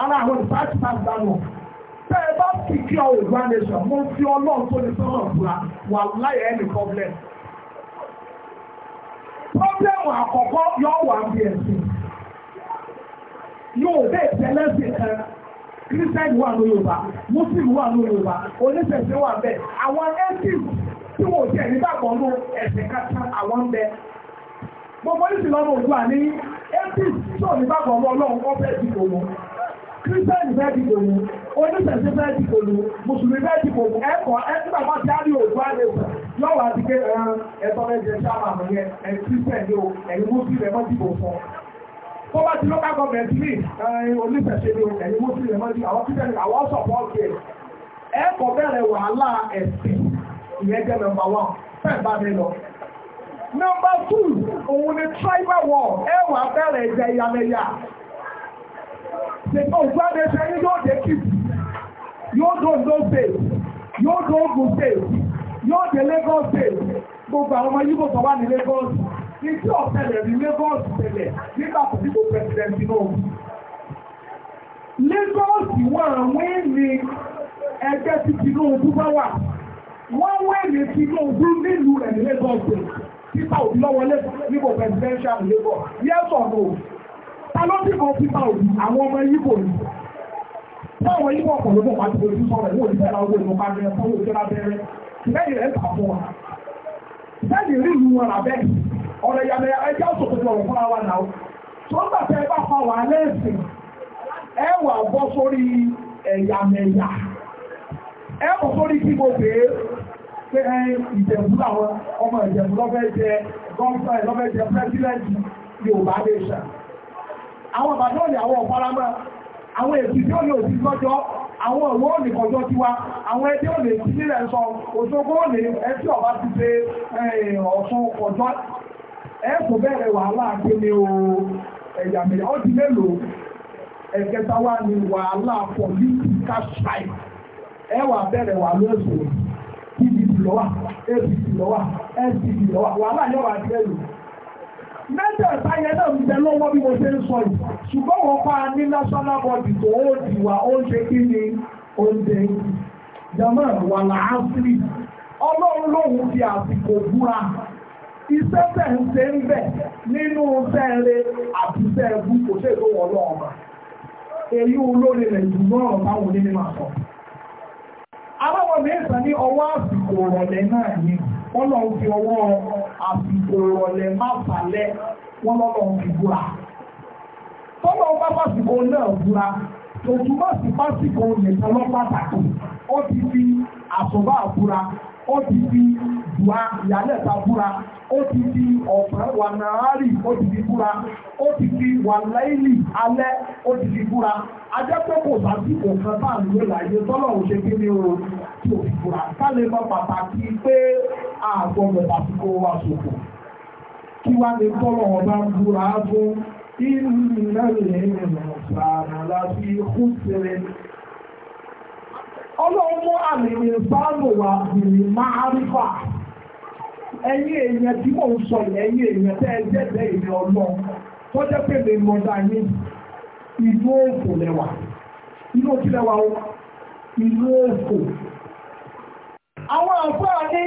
ara àwọn tẹ́ ẹ bá kí ọ fi ọlọ́run tó ní sọ́nà fúra wà láyé ẹni problem àkọ́kọ́ yọ yóò bẹ́ẹ̀ tẹ́lẹ̀ sí kan kírísítẹ́nì wà ní Yorùbá mùsùlùmí wà ní Yorùbá oníṣẹ̀ṣẹ̀ wà bẹ́ẹ̀ àwọn ẹ́ńtì tí wọ́n jẹ́ nígbàgbọ́ ní ẹ̀sìn kátà àwọn bẹ́ẹ̀ gbogbo ní ìlọ́nà òdú àní ẹ́ńtì tí ò nígbàgbọ́ ọmọ ọlọ́run kọ́ fẹ́ dìbò wọn kírísítẹ́nì fẹ́ dìbò wọn oníṣẹ̀ṣẹ̀ fẹ́ dìbò wọn mùsùlùmí fẹ́ dìbò wọn ẹ̀kọ́ ẹ̀ńtìgbàgbọ́ ti á ní òdú àlè yọ̀wọ̀ àti tó bá ti local government ní eh, onífẹ̀ṣẹ̀ ni ẹ̀yin mú sílẹ̀ mọ́jú àwọn christian àwọn support ẹ̀ ẹ kò bẹ̀rẹ̀ wàhálà ẹ̀sìn ìyẹn jẹ́ number one fẹ́ẹ̀ bá mi lọ. number two òun ni tribal war ẹ wà bẹ̀rẹ̀ ẹ̀jẹ̀ ìyàmẹ̀yà ṣètò ògbàdé ṣẹyìn yóò dé kìtì yóò dó Ondo state yóò dó Ogun state yóò dé Lagos state gbogbo àwọn ọmọ yìí kò sọ wá ní Lagos ní tí ọ̀tẹ̀lẹ̀ ní Lagos tẹ̀lẹ̀ nígbà tó dípò president Tinubu Lagos wọ́n wọ́n ní ẹgbẹ́ tí Tinubu bá wà wọ́n wọ́n ní Tinubu nílùú rẹ̀ ní Lagos pípa òbí lọ́wọ́ níbo presidential Lagos yes or no ta ló dìbò pípa òbí àwọn ọmọ yíbò ni báwọn yíbò ọ̀pọ̀ ló mọ̀ pàtó ojú sọ̀rọ̀ ìwọ̀n ìfẹ́ ra owó ìmọ̀ bá bẹ̀rẹ̀ fọwọ́ ìfẹ́ ra bẹ̀rẹ̀ ìfẹ́ yìí rẹ̀ ń tà fún wa ìfẹ́ yìí rí ìlú wọn rà bẹ́ẹ̀ ọ̀rọ̀ ìyàmẹ̀ ẹjẹ́ òṣòkòtò ọ̀rọ̀ fúnra wa náà tó ń gbà tẹ́ bá fa wà lẹ́sìn ẹ wà bọ́ sórí ẹ̀yàmẹ̀yà ẹ bọ̀ sórí kí mo pè é pé ẹ ìjẹ̀bú làwọn ọmọ ìjẹ̀bú lọ́fẹ́ jẹ gọ́ọ̀fẹ́ lọ́fẹ́ jẹ pẹ́sidẹ́ntì Yorùbá nation àwọn ìbàdàn ni àwọn ọ̀páramọ́ àwọn èsì tí ó ní òsì lọ́jọ́ àwọn òwò ònìkọjọ́ tiwa àwọn ẹgbẹ́ òní ìpínlẹ̀ sọ òṣogbo òní ẹtí ọba ti ṣe ọ̀sán ọjọ́ ẹ̀kù bẹ̀rẹ̀ wàhálà kí ni o ẹ̀yà mẹ́rin ó ti ẹ̀kẹta wà ní wàhálà political strike ẹwà bẹ̀rẹ̀ wà lóṣù pdp lọ́wà apc lọ́wà npp lọ́wà wàhálà yóò lò yẹn náà ń bẹ lọ́wọ́ bí mo ṣe ń sọ yìí ṣùgbọ́n wọn ní national body tó ó di wa ó ń ṣe kí ni ó ń jama wà láásìrì ọlọ́run lòun fi àsìkò búra iṣẹ́ tẹ̀ ń nínú sẹ́ẹ̀rẹ̀ àti kò ṣe tó wọ́n lọ́wọ́ mà èyí olóore rẹ̀ jù náà báwo ní mímọ̀ aláwọ̀ mẹ́sàn ní ọwọ́ àsìkò ìrọ̀lẹ́ náà ni wọ́n lọ fi ọwọ́ àsìkò ìrọ̀lẹ́ wọ́n lọ fi búra. tọ́lọ́ bá pàṣípò ti fi ó ti fi dùá ìyálẹ̀ta búra ó ti di ọ̀sán wà nàárì ó ti di búra ó ti di wà láìlì alẹ́ ó ti di búra ajẹ́pẹ́ kò sásìkò kan bá ń lò láyé tọ́lọ̀ ò kí ni o tí ò fi búra ká lè mọ pàtàkì pé àgbọ̀dọ̀ sásìkò wa ṣòfò kí wá ní tọ́lọ̀ ọba ń búra fún ìrìnà lẹ́yìn ọ̀sán láti kú sílẹ̀ wa bìrì máa ẹ̀yin èèyàn tí mò ń sọ ẹ̀yin èèyàn tẹ́ ẹ jẹ́bẹ̀ẹ́ ìlú ọlọ́run tó jẹ́ pé mi mọ̀ dá yín ìlú òkò lẹ́wà inú òkè lẹ́wà o ìlú òkò. àwọn àfáà ní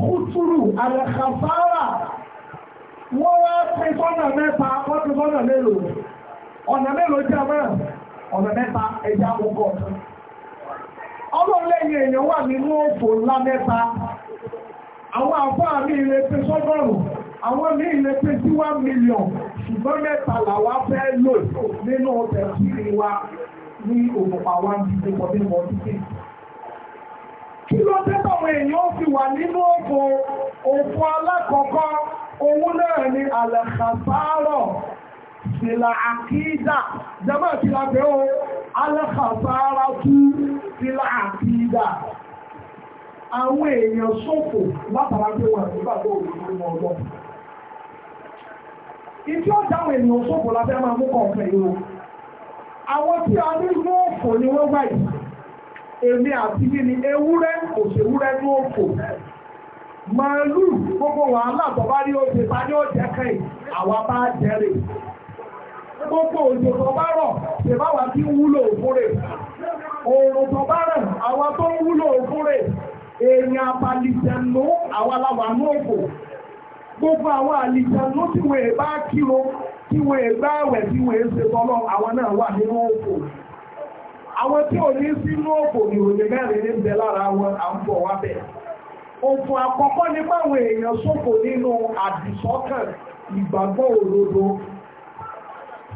kútúrù àlẹ́kàfárà wọ́n wá pín sọ́nà mẹ́ta wọ́n pín sọ́nà mélòó ọ̀nà mélòó jẹ́ mẹ́rin ọ̀nà mẹ́ta ẹja àkókò ọlọ́run lẹ́yìn èèyàn wà nínú òfò ńlá mẹ́ta àwọn àfáà mi ilé pé sọ́gọ́rùn àwọn ní ilé pé sí one million ṣùgbọ́n mẹ́tàlá wa fẹ́ lò nínú ọ̀tẹ̀ sí wa ní òmùpá wa ní ìdíkọ̀ nínú ọdún sí. kí ló dé táwọn èèyàn fi wà nínú òfò òfò alákọ̀ọ́kọ́ òun náà ni àlàkàsáárọ̀ ìlà àkídà jẹ́mọ̀ ìlà bẹ́ẹ̀ o àlàkàsáárọ̀ tú ìlà àkídà àwọn èèyàn ṣòfò látara pé wọn àti gbàgbọ́ òṣèlú wọn lọ. ìdí ọjà èèyàn ṣòfò la máa mú kọ̀ọ̀kan yìí o àwọn tí a ní inú òfò ni wọ́n gbà yìí èmi àti yìí ni ewúrẹ́ òṣèwúrẹ́ ní màálù gbogbo wàhálà tó bá oṣù ta ní oṣù ẹ̀ka àwa bá jẹ́rè gbogbo òjò tó rọ̀ ṣèbáwá tí wúlò òfúrè òòrùn tó rẹ̀ àwa tó wúlò òfúrè èèyàn abàlìjẹ̀nú àwọn aláwàánú òkò gbogbo àwọn àlìjẹ̀nú tí wọ́n èbá kíro tí wọ́n èbá ẹ̀wẹ̀ tí wọ́n èsè tọ́lọ́ àwọn náà wà nínú òkò àwọn tí ò ní sínú òkò ní òde mẹ́rin ní bẹ lára wọn à ń bọ̀ wá bẹ̀ òkò àkọ́kọ́ ní báwọn èèyàn ṣòfò nínú àdìsọ́kàn ìgbàgbọ́ òdodo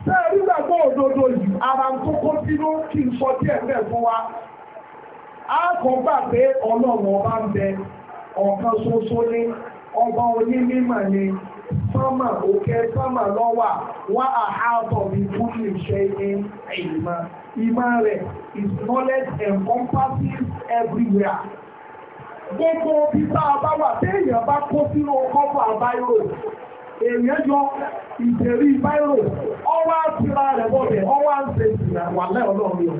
sẹ́ẹ̀rí gbàgbọ́ òdodo yìí ara tó kó sínú kí n sọ díẹ̀ bẹ́ẹ̀ fún wa a kàn gbà pé ọlọ́run ọba ń bẹ ọ̀kan ṣoṣo ní ọba onímọ̀ ni sọ́mà òkè sọ́mà lọ́wà wá àhàbọ̀ bí fúnlẹ̀ iṣẹ́ ní ìmọ̀ ìmọ̀ rẹ̀ is knowledge encompasses everywhere gbogbo bí bá a bá wà téèyàn bá kó sínú kọ́pọ̀ àbáyọ̀ èèyàn yọ ìtẹ̀rí báyọ̀ ọwọ́ àtìrà rẹ̀ bọ̀dẹ̀ ọwọ́ àǹtẹ̀sì wà lẹ́ọ̀lọ́ọ̀rẹ́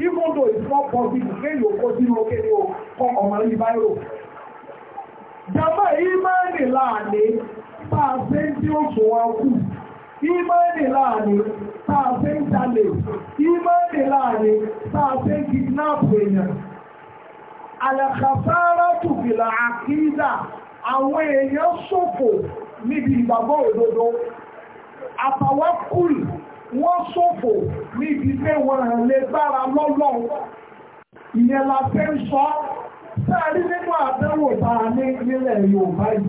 even though it's not possible kéyìn òkó sínú òkè ní ọkọ̀ ọmọ ní báyìí jama imani láàní pàṣẹ tí ó sọ wá kù imani láàní pàṣẹ ń jalè imani láàní pàṣẹ ń kidnap èèyàn alàkàfàárà tùfìlà àkídà àwọn èèyàn ṣòfò níbi ìgbàgbọ́ òdodo àtàwákùlù wọ́n ṣòfò níbi pé wọ́n hàn lè gbára lọ́lọ́ ìyẹn la fẹ́ ń sọ sáàrí nínú àdánwò bá a ní nílẹ̀ Yorùbá yìí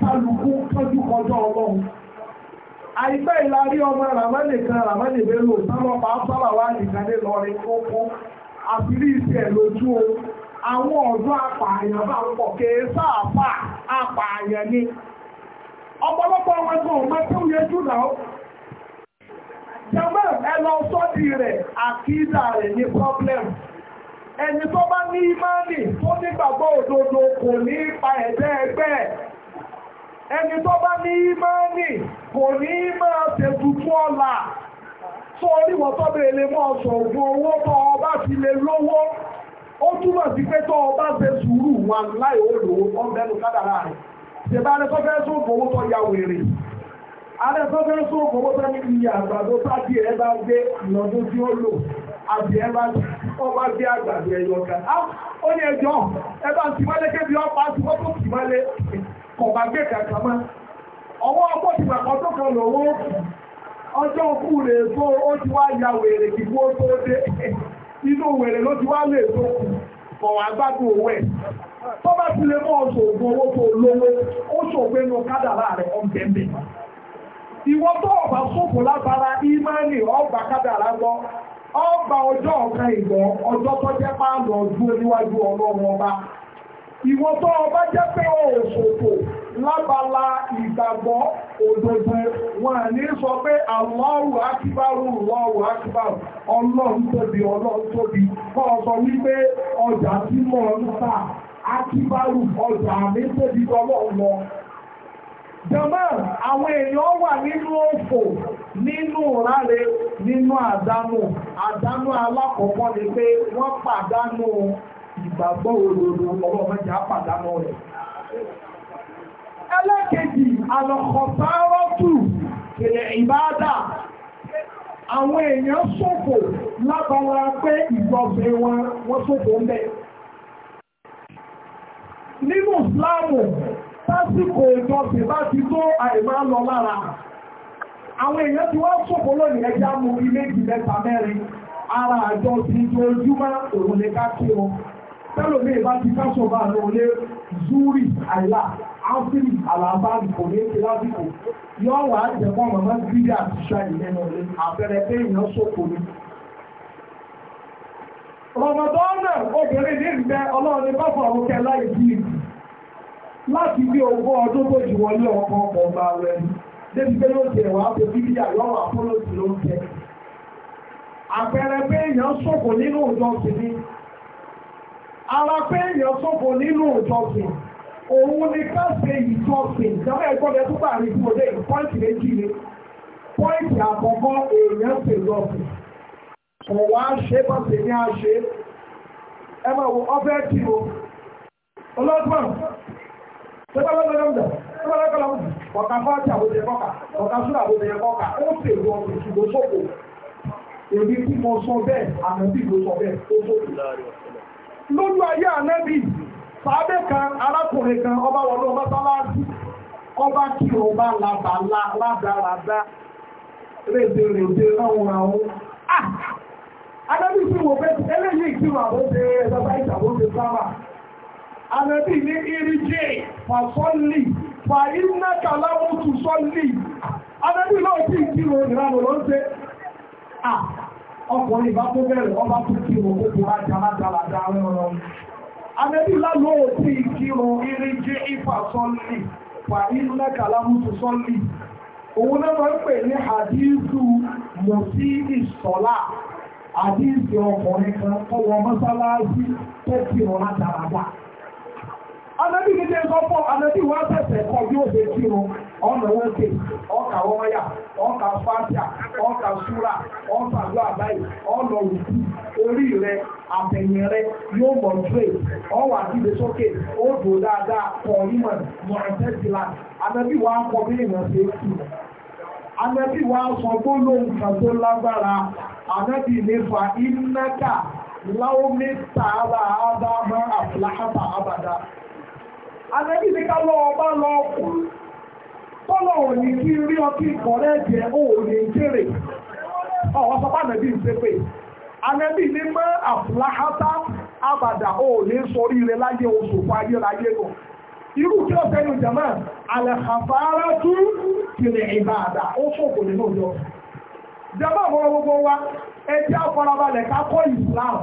kálukú tọ́jú kọjọ́ Ọlọ́run àìpẹ́ ìlarí ọmọ ràmánì kan ràmánì bello sálọ́pàá sábàwá nìkan ní lọrin kókó àbílí ìsẹ̀ lójú o àwọn ọ̀dọ́ apààyàn bá ń pọ̀ kéé sáàpà apààyàn ni ọ̀pọ̀lọpọ̀ ọmọ ẹgbẹ́ òun mẹ́tẹ́ òun yẹjú náà jẹ́mọ́ ẹlọ sọ́dí rẹ̀ àkídà rẹ̀ ní problem ẹni tó bá ní ìmánì tó nígbàgbọ́ òdodo kò ní pa ẹ̀dẹ́ ẹgbẹ́ ẹni tó bá ní ìmánì kò ní máa tẹ̀tùtù ọ̀la tó oríwọ̀ tó bèèrè mọ́ ọ̀sọ̀ ògùn owó tó ọba ti lè lówó ó túmọ̀ sí pé tó ọba ṣe sùúrù wà láì ó lòó ọ̀bẹ́nu kádàrá rẹ̀ ṣèbá ni tó fẹ́ sóògùn owó tó ya wèrè Adẹ́fẹ́fẹ́ sọ ògbówó tẹ́ ní iye àgbàdo tàbí ẹ bá gbé ìlọ́dún tí ó lò, àbí ẹ bá ọba gbé àgbàdo ẹyọ kan. Ó ní ẹjọ́, ẹ bá ti wálé kébi ọpa tí wọ́n tó ti wálé kọ̀bá gbé kàkà mọ́. Ọwọ́ ọkọ̀ ti pàkọ́ tó kan lòwó. Ọjọ́ òkú rẹ̀ tó ó ti wá ya wèrè kí wó tó dé. Inú wèrè ló ti wá lè tó kù. Kọ̀wá gbádùn òwú ẹ̀. Tọ́ba ti lè mọ́ ọ̀sọ̀ ògùn owó tó lówó, ó ṣògbénu kádàrá rẹ̀ ọ̀ ìwọ tó ọ̀bà sófò látara ìmáàlì ọgbà kádàrá gbọ́ ọgbà ọjọ́ ọ̀kan ìgbọ́ ọjọ́ tó jẹ́ páàlù ọdún oníwájú ọlọ́run ọba ìwọ tó ọba jẹ́ pé òṣòfò lábala ìgbàgbọ́ òdodo wọn ní sọ pé Allahu akíbárù Allahu akíbárù ọlọ́run tóbi ọlọ́run tóbi kọ́ wípé ọjà tí mò ń ta akíbárù ọjà mi tóbi ọlọ́run jọmọ́ àwọn èèyàn wà nínú òfò nínú ráre nínú àdánù àdánù alákọ̀ọ́kọ́ ni pé wọ́n pàdánù ìgbàgbọ́ òdodo ọlọ́run mẹ́jọ pàdánù rẹ̀ ẹlẹ́kejì àlọ́kọ̀ọ́tàrọ́tù kèrè ìbáadà àwọn èèyàn lábára pé wọn wọ́n ń bẹ̀ nínú ìsìláàmù Tásìkò ìjọsìn bá ti tó àìmá lọ lára. Àwọn èèyàn ti wá ṣòfò lónìí ẹja mú bí méjì mẹ́ta mẹ́rin. Ara àjọ ti jojúmọ́ òun lè ká kí wọn. Tẹ́lòmí ìbá ti káṣọ bá lọ lé Zúrì àìlà, Áfírì, Àlàbá, kò ní ti lásìkò. Yọ́ wà á jẹ̀mọ́ màmá Gídà àti Ṣáì lẹ́nu rẹ̀. Àpẹẹrẹ pé èèyàn ṣòfò ni. Rọ̀mọ̀dọ́nà obìnrin ní ìgbẹ́ ọlọ́run ní bá fọ̀ àwọn kẹlá ìdí ìdí láti bí ogún ọdún tó jù wọlé ọkọ̀ ọkọ̀ ọba rẹ̀ débi pé yóò jẹ ìwà àpò bíbí àyọ̀wò àpólòsì ló ń jẹ. àpẹẹrẹ pé èèyàn ṣòfò nínú ìjọsìn ni ara pé èèyàn ṣòfò nínú ìjọsìn òun ni ká ṣe ìjọsìn ìjọba ẹ̀gbọ́n rẹ̀ tó bá rí fún òde ìpọ́ǹtì méjì ni pọ́ǹtì àkọ́kọ́ èèyàn ṣe ìjọsìn kò wá ṣe bá ṣe ní àṣe ẹ máa wo ọfẹ́ tì o ọlọ́gbọ̀n sẹ́kọ̀lọ́dọ́dọ́dọ́ sẹ́kọ̀lọ́dọ́dọ́ ọ̀kà fọ́ọ̀tì àbòdìyẹ kọ́kà ọ̀kà súnà àbòdìyẹ kọ́kà ó sì rọ ìṣùgbọ́ sóko èmi tí mo sọ bẹ́ẹ̀ àmọ́ bí mo sọ bẹ́ẹ̀ ó sóko. lójú ayé ànábì sàábẹ́ kan arákùnrin kan ọba wọlé ọba sáláàdì ọba kí ọba làbàlà ládàradà rèdè rèdè ráhùn ráhùn. Ah! ànábì sì wò pé eléyìí kí wà ó ṣe ẹ̀sọ́ Ànábì ní iríjẹ́ fàṣọ́lì, fàínàkà láwùtù sọ́lì. Ànábì náà tí kí ló ìrànà ló ń tẹ́. À, ọkùnrin bá tó bẹ̀rẹ̀ ọba tó kí ló gbogbo ajálájálájá rẹ̀rọ̀. Ànábì lálọ́ tí kí ló iríjẹ́ ìfàṣọ́lì, fàínàkà láwùtù sọ́lì. Òun náà máa ń pè ní àdíìsù mọ̀sí ìsọ̀lá àdíìsì ọkùnrin kan tó mọ́sálásí tó kí ló látàrágbà. Ànábì ní jẹ́ sọ́pọ̀, ànábì wá tẹ̀sẹ̀ asese bí ó ọ kí o, ọ̀nà òkè, ọka wọ́nyà, ọka fáṣà, ọka sura ọkà lọ àbáyé, ọ̀nà òkú, orí rẹ̀, àtẹ̀yìn rẹ̀, yóò mọ̀ tré, ọwà dìde sókè, ó dada dáadáa, kọ̀ onímọ̀, na ẹ̀tẹ́sìlá. abada. Àlẹ́bí ti ká lọ ọba lọ kù. Tọ́lọ̀ ò ní kí rí ọtí ìkọ̀rẹ́ ẹ̀jẹ̀ ó lè jèrè. Ọ̀wọ́ sọ bá àlẹ́bí ń ṣe pé. Àlẹ́bí ní mọ́ àfúláhátá àbàdà ó ní sọrí ire láyé oṣù fún ayérayé nù. Irú kí ó sẹ́nu jẹ̀mọ́ àlẹ́kàfàárá tú kìrì ìbàdà ó ṣòfò nínú ọjọ́. Jẹ̀mọ́ àwọn gbogbo wa, ẹ jẹ́ àfọlábalẹ̀ ká kọ́ ìsìláàmù.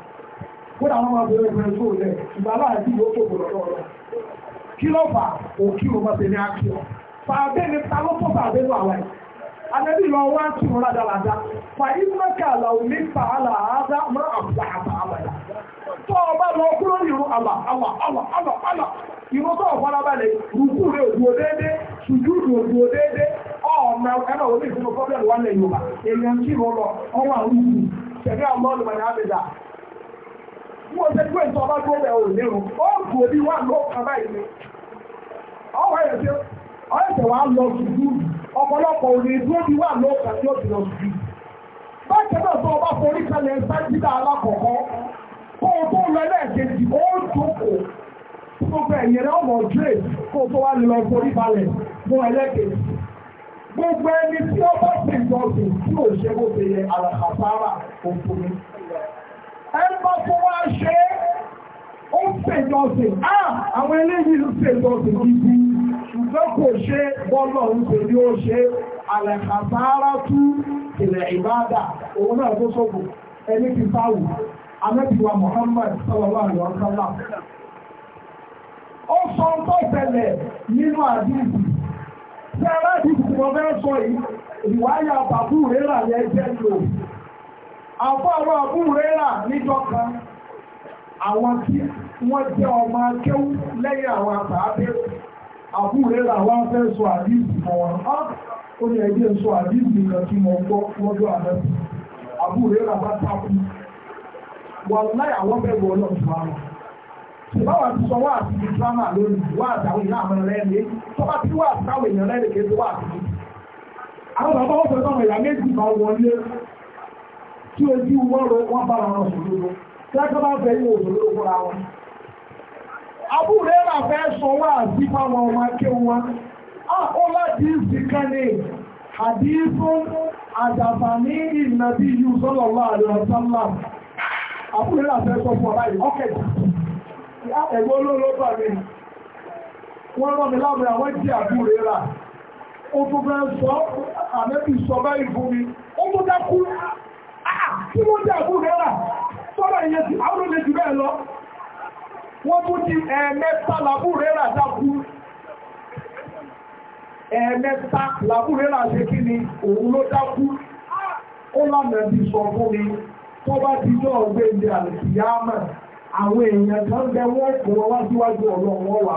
kódà wọn máa bẹ̀rẹ̀ ìgbẹ́ tó lẹ̀ ìgbà láàrín yóò fòkò lọ́dọ̀ ọ̀rọ̀ kí ló fà òkí o ọ ni ta ló tó fàbẹ́ lọ àwọn ẹ̀ anẹ́bí lọ wá tí wọn rádà fà làwọn fà á là á dá àbá tó o bá lọ kúrò àlà àlà àlà àlà àlà tó rúkú wọ́n ṣe pé ìtọ́ bá gbọ́ bẹ̀ ò lérò ó kù òbí wà ló kan báyìí ni ọwọ́ ẹ̀yẹ̀ tí ọ ẹ̀sẹ̀ wà lọ sùkú ọ̀pọ̀lọpọ̀ òní ìdúró bí wà ló kan tí ó ti lọ sùkú bákan náà tó o bá forí kalẹ̀ sájídà alákọ̀ọ́kọ́ kó o tó lọ ẹlẹ́ẹ̀kejì ó jókòó gbogbo ẹ̀yẹ̀ rẹ̀ ọmọ dre kó o tó wá lọ forí balẹ̀ fún ẹlẹ́ẹ̀kejì gbogbo ẹni tí ó bá sì lọ sùn tí ò ṣe bó ṣe yẹ àlàkàfàrà òfin ẹgbọ́ tó wá ṣe ó ṣèjọsìn àwọn eléyìí ń ṣèjọsìn gidi ṣùgbọ́n kò ṣe bọ́lọ̀ ń pè ní ó ṣe alẹ́kàtàrà tú ilẹ̀ ìbádà òun náà tó ṣòfò ẹni ti sáwù amẹ́bíwa Muhammad sallallahu alaihi wasallam ó sọ ń tó tẹ̀lẹ̀ nínú àdíjì tí aláàdìsí wọn fẹ́ sọ àfáàwọ̀ àbúrẹ́rà níjọ́kan àwọn tí wọ́n jẹ́ ọmọ akéwú lẹ́yìn àwọn àtàádé àbúrẹ́rà wá fẹ́ sọ àdíìsì mọ́ wọn á ó ní ẹgbẹ́ sọ àdíìsì kan tí mo gbọ́ lọ́jọ́ àná àbúrẹ́rà bá tákú wọn láyà wọ́n bẹ̀rù ọlọ́run wa wọn ìbáwà ti sọ wá àti drama lónìí wá àtàwọn ìyá àmọ́ lẹ́nu tó bá ti wá àtàwọn èèyàn lẹ́nu kéde tí ojú wọ́rọ̀ wọ́n bára wọn ṣòdodo tẹ́kọ́ bá fẹ́ yíò òṣòdodo fúnra wọn abúrẹ́ rà fẹ́ sọ wá sí fáwọn ọmọ akéwù wọn ó láti ìsìnká ní àdífún àjàfà ní ìnàbí yù sọ́lọ̀lọ́ àríwọ̀sánlá abúrẹ́ rà fẹ́ sọ fún ọ̀rá ìlọ́kẹ̀ẹ́ Ah, kí ló jẹ́ àbúrẹ́rà? Sọ́rọ̀ ìyẹn ti àwọn olè jù bẹ́ẹ̀ lọ. Wọ́n tún di ẹ̀ẹ̀mẹ́ta làbúrẹ́rà dákú. Ẹ̀ẹ̀mẹ́ta làbúrẹ́rà ṣe kí ni òun ló dákú. Ó lànà bí sọ fún mi, tó bá ti jọ ọgbẹ́ ilé àlùkìyámà, àwọn èèyàn kan bẹ wọ́n kò wọ́n síwájú ọlọ́run wọ́n wà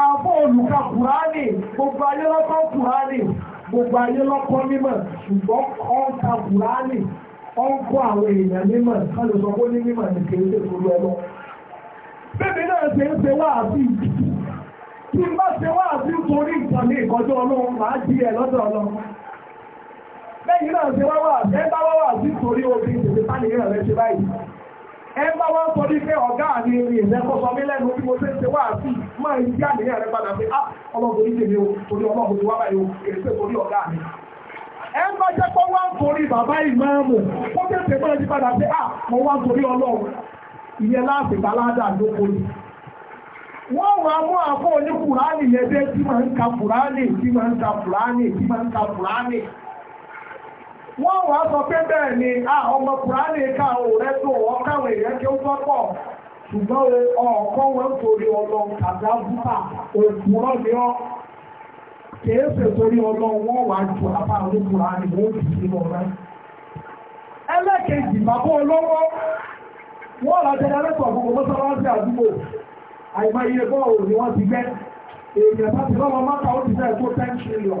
àbọ̀ olùkà kùránì gbogbo ayé lọ́kọ́ kùránì gbogbo ayé lọ́kọ́ mímọ̀ ṣùgbọ́n ọ̀ǹkà kùránì ọ̀ǹkọ́ àwọn èèyàn mímọ̀ kálọ̀ sọ pé ní mímọ̀ ní kèrè tó tó lọ́wọ́ bébí náà ṣe ń ṣe wá àbí tí n bá ṣe wá àbí lẹ́yìn náà ṣe wá wá àbí wá wá àbí torí obìnrin tètè bá nìyẹn ṣe báyìí ẹ bá sọ ní pé ọ̀gá mi rí ìlẹ́kọ́ sọ mí mo ṣe ń ṣe wá sí máa ń yá padà pé ah, ní tèmi o ti wá báyìí o pé ọ̀gá mi. ẹ bá jẹ́ pé ń torí bàbá ìmáàmù padà pé ah, mo wá ń torí ọlọ́run ìyẹn láti ni. wọ́n wá mú àpò kùránì yẹn dé tí máa ń ka kùránì tí máa wọ́n wà sọ pé bẹ́ẹ̀ ni ọmọ kùránì ká rẹ̀ tó kí ó ṣùgbọ́n ọ̀ọ̀kọ́ wọn torí ọlọ́run tàbí àbúkà òkúrọ̀ ni ọ́ kìí ṣe torí ọlọ́run wọ́n wà ju wọ́n fi ọ̀rẹ́ ẹlẹ́kẹ̀ẹ́jì bàbá olówó wọ́n rà jẹ́ gbogbo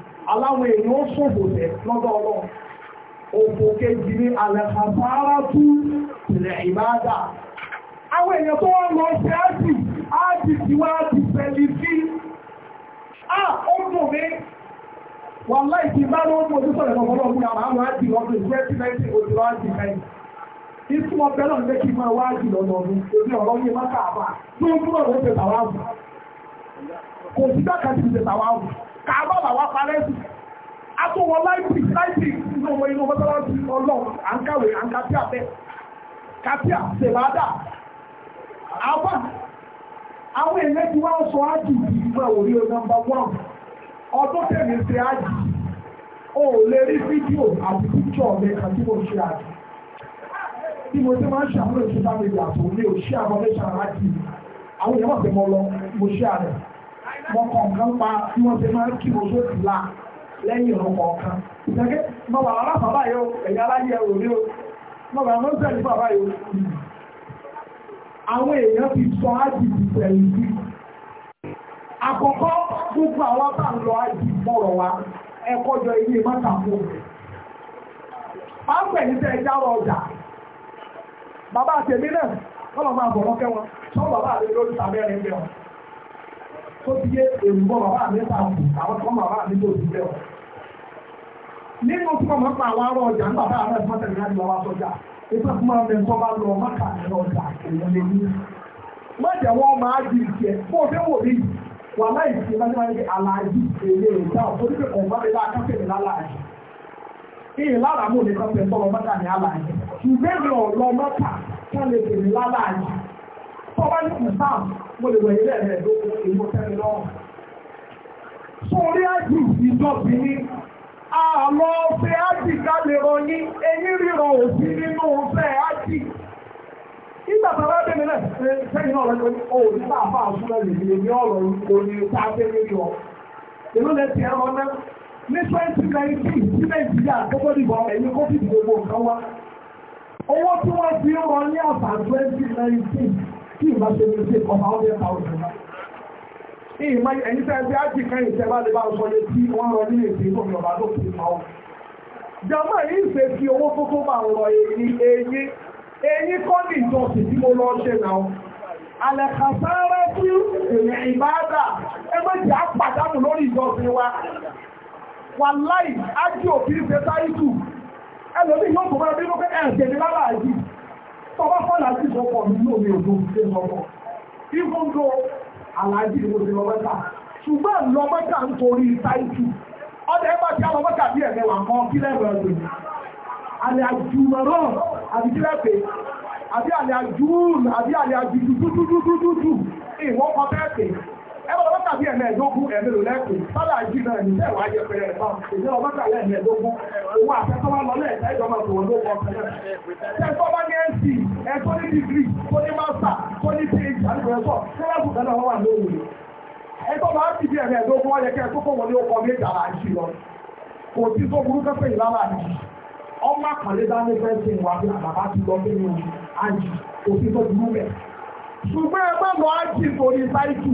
aláwọ̀ èèyàn ó ṣòfò tẹ̀ lọ́dọ̀ ọlọ́run òfò kejì ní alẹ́kàbára tú ilẹ̀ ìbáadà àwọn èèyàn tó wọ́n lọ sí áàtì áàtì tí wọ́n á ti pẹ̀lú sí à ó dùn mí wà láì ti bá ló ń mú ojú sọ̀rọ̀ ọ̀pọ̀lọpọ̀ ọ̀gbìn àwọn àwọn áàtì lọ́dún twenty nineteen oṣù lọ́wọ́ áàtì kẹ́yìn ìtumọ̀ bẹ́lọ̀ ń lẹ́kì máa wá áàtì lọ́dọọdún èmi ọ̀rọ̀ yé má kàá bá tó ń túbọ̀ ló ń tẹ̀sà wá kàábà làwà parẹ́ sí àtúwọ̀ láìpì láìpì inú ọmọ inú mọ́sálásí ọlọ́run à ń kàwé à ń kàpí àbẹ́ kàpí àṣèwádà àbá àwọn èèyàn ti wá sọ ájì ìgbà orí nọ́mbà wọ́n ọdún tẹ̀lé ṣe ájì o lè rí fídíò àti píkṣọ̀ rẹ̀ àti mo ṣe àjì bí mo ti máa ń ṣàmúlò social media tó lé òṣìṣẹ́ àwọn ọlẹ́ṣà ájì mọ́ kọ̀ọ̀kan pa tí wọ́n ṣe máa ń kí mo lẹ́yìn ọ̀rọ̀ ọ̀kan. ìṣẹ́gẹ́ mọ́ bàbá bá yóò ẹ̀yà aláyé ẹ̀rọ ní o mọ́ bàbá mọ́ sẹ́lẹ̀ bàbá yóò àwọn èèyàn ti sọ sí àkọ́kọ́ gbogbo àwọn bá ń lọ wa ilé ọjà bàbá àtẹ̀mí náà máa bọ̀ lọ́kẹ́ bàbá tó ti yé èrùbọ̀ bàbá mi ta kù àwọn tó bàbá mi tó ti bẹ̀ ọ́. nínú tí wọ́n máa pa àwọn ará ọjà nígbà táwọn ará ìfọ́n tẹ̀lé láti lọ́wọ́ sọ́jà ìfẹ́ fún máa mẹ́kọ́ bá lọ mọ́kà ẹ̀rọ ọjà èèyàn lè ní. má jẹ́ wọ́n máa di ìṣẹ́ fún òde wò rí wà láì sí lọ́jọ́ aláàjì èlé ìjà òfin pé ọ̀gbọ́n mi lá káfíìn lálàájì. ìyìn lára mú ní káfíìn tọ́lọ mọ́kà ní aláàjì. ṣùgbọ́n mi ò lọ mọ́kà kálẹ̀ tèmi lálàájì. tọ́wọ́ ní mo lè wẹ̀ ilé ẹ̀rẹ́ ló ìmọ̀ tẹ́mi lọ́wọ́. Sórí àjì ìjọbi ni àlọ́ fẹ́ àjì kálẹ̀ rọ ní ẹni ríran òsì nínú fẹ́ àjì. Nígbà tá a bá bẹ̀rẹ̀ náà sẹ́yìn náà lọ́jọ́ ní òòlù náà bá àṣúlẹ̀ lè lè ní ọ̀rọ̀ orí tá a bẹ̀rẹ̀ rí ọ. Èló lẹ ti ẹ̀rọ náà ní twenty nineteen sí Nàìjíríà gbogbo ìbọn ẹ̀yìn kófìdì gbogbo nǹkan wá. Owó tí wọ́n fi ń kí ìbá ṣe ní sí ọmọ ọdún ẹ̀ta ọdún náà ìmọ̀ ẹ̀yìn tẹ́ ẹgbẹ́ ájì kan ìṣẹ́ bá lè bá sọ lé tí wọ́n rọ nílé ìṣẹ́ tó fi ọ̀bá lókè pa ọ́ jọmọ́ yìí ṣe fi owó tó tó máa rọ èyí èyí èyí kọ́ ní ìjọsìn tí mo lọ ṣe náà alẹ́kàsáárẹ́ tí èyàn ìbáadà ẹgbẹ́ jẹ́ àpàdánù lórí ìjọsìn wa wà láì ájì òfin ṣe táìtù ẹlòmí yóò tó máa bínú pé ẹ̀ṣẹ̀ ní lára yìí Bàbá fọ́nà sí ìsọpọ̀ mi ní omi òdo ṣe sọpọ̀. Even though Alhaji ìwò ti lọ mẹ́ta. Ṣùgbọ́n lọ mẹ́ta ń torí táìtù. Ọdẹ ẹgbà tí a lọ mẹ́ta bí ẹ̀mẹ́wàá kan kí lẹ́gbẹ̀ẹ́ ọdún. Àlẹ́ àjùmọ̀rọ̀ àbí kí lẹ́pẹ̀ẹ́ àbí àlẹ́ àjùmọ̀ àbí àlẹ́ àjùmọ̀ dúdúdúdúdú ìwọ́n kan ẹgbẹ́ ọlọ́kàbí ẹ̀mẹ́ẹ̀dógún ẹ̀mẹ́lò lẹ́kùn sálà jì náà ní bẹ́ẹ̀ wáyé pẹ̀lẹ́ ẹ̀fà ìdí ọlọ́kàbí ẹ̀mẹ́ẹ̀dógún òun àfẹ́sọ́wá lọ lẹ́ẹ̀ta ìjọba tòun ló kọ pẹ̀lẹ́ ẹ̀fọ́ bá ní nc ẹ̀tọ́ ní dìgírì tó ní mástà tó ní phd àti pẹ̀lẹ́fọ́ sílẹ̀kù kẹ́lẹ́ wọn wà lóòrè ẹ̀tọ́ bá ti di ẹ̀mẹ́ẹ̀dógún ọyẹ kẹ́ ẹ̀tọ́ kọ́ wọlé ọkọ̀ méjì aláàjì lọ kò sí tó burú kẹ́fẹ́ ìlàlàjì ọmọ àkàlẹ́ dání fẹ́ sí ìwà bí ṣùgbọ́n ẹgbẹ́ lọ àjì torí táìtù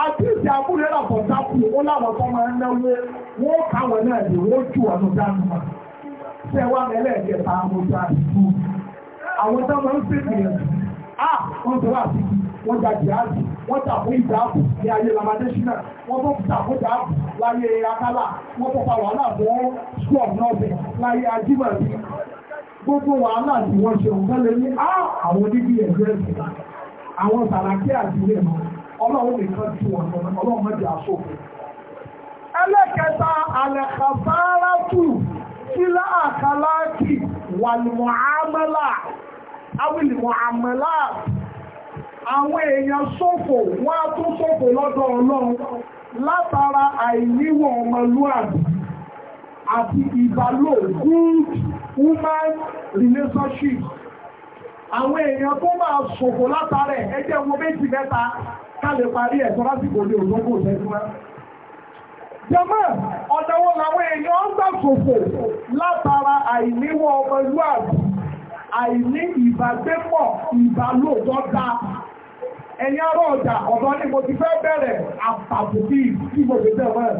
àti ìsì abúlé làpọ̀ sápù ó láwọn tó máa ń náwó wọ́n káwọn náà lè wọ́n jù ọ̀nà dánù mà ṣé wà mẹ́lẹ̀ kẹta àmójú àdìgbò àwọn tó máa ń pèsè yẹn à wọ́n tó wà síbi wọ́n gba jìhádì wọ́n tàbí ìdáàbò ní ayé lamadéṣínà wọ́n tó tàbí ìdáàbò láyé akálà wọ́n tó pa wàhálà fún school of nursing láyé ajímọ̀bí gbogbo wàhálà tí wọ́n ṣe òǹkọ́lẹ̀ ní àwọn oníbi ẹ̀jẹ̀ àwọn sàràkí àdúgbò náà ọlọ́run nìkan ju wọn lọ ọlọ́run mẹ́jọ aṣòfin. ẹlẹ́kẹta alẹ́kàfárátù sílá àkàlákì wàlùmọ̀ àmàlà awìlìmọ̀ àmàlà àwọn èèyàn ṣòfò wọ́n á tún ṣòfò lọ́dọ̀ ọlọ́run látara àìníwọ̀ ọmọlúwàbí àti ìbálò good human relationship àwọn èèyàn tó máa ṣòfò látara ẹ̀ ẹjẹ́ wọn méjì mẹ́ta ká lè parí ẹ̀tọ́ lásìkò ní òṣogbo ìṣẹ́júmọ́. jọmọ́ ọ̀dọ̀wọ́ làwọn èèyàn ń gbà ṣòfò látara àìníwọ̀ ọmọlúàbí àìní ìbágbépọ̀ ìbálòjọ́ dá ẹ̀yìn ará ọjà ni mo ti fẹ́ bẹ̀rẹ̀ àpàbùbí tí mo lè bẹ̀rẹ̀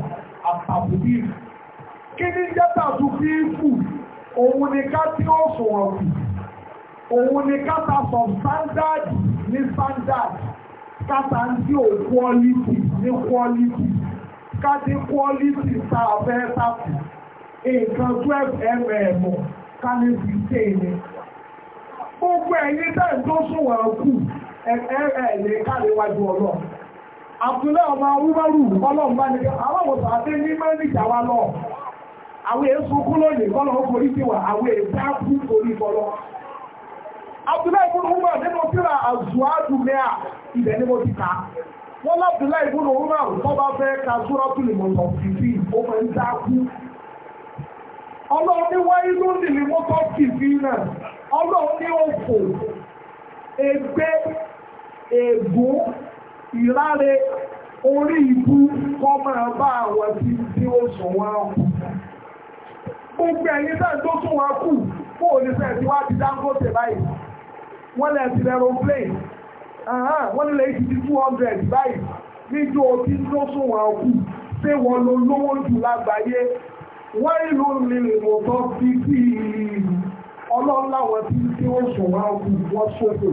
àpàbùbí kí ní jẹ́ta tó fi ń kù òun ni ká tí ó sùn ọ̀kù ni ká ta sọ̀tándáàdì ní káta ń dí ò quality ní quality káti quality tá a fẹ́ tàkù nǹkan twelve mm ká ní fi téèlé gbogbo ẹ̀yìn tẹ́ẹ̀ tó sùnwọ̀n kù ẹ̀ẹ́lẹ̀ káríwájú ọlọ́ àtúnlẹ̀ ọmọ awúrọ́rù ọlọ́mbá ní aláwọ̀sọ̀ àti ní mẹ́rìnjà wa lọ àwọn èso kúlónì kọ́lọ̀ ó forí sí wa àwọn èso á kú torí kọlọ́ Abdullahi ibn Umar nínú tíra àzùwádùn mẹ́à ibẹ̀ ni mo ti kà á wọ́n lábìlá ìbúrò ọmọ àrùtọ́bá fẹ́ ka súrọ́pìlì mọ̀tọ̀ fìfì ọmọ ìdákú ọlọ́run ní wáyé ló nìlí mọ́tọ̀ fìfì náà ọlọ́run ní òfò ègbé ègún ìráre orí ìbú kọ́mọ bá àwọn tí tí gbogbo ẹ̀yin náà tó sùn wọn kù kó o ní sẹ́ẹ̀ tí wá ti Dangote báyìí wọ́n lẹ̀ ti rẹ̀ aeroplane wọ́n nílẹ̀ yìí ti di two hundred báyìí níjó tí ló sùn wọn kù pé wọ́n lo lówó jù lágbàáyé wọ́n ìlú nílẹ̀ mọ̀tọ́ fi sí ọlọ́lá wọn tí tí ó sùn wọn kù wọ́n ṣòfò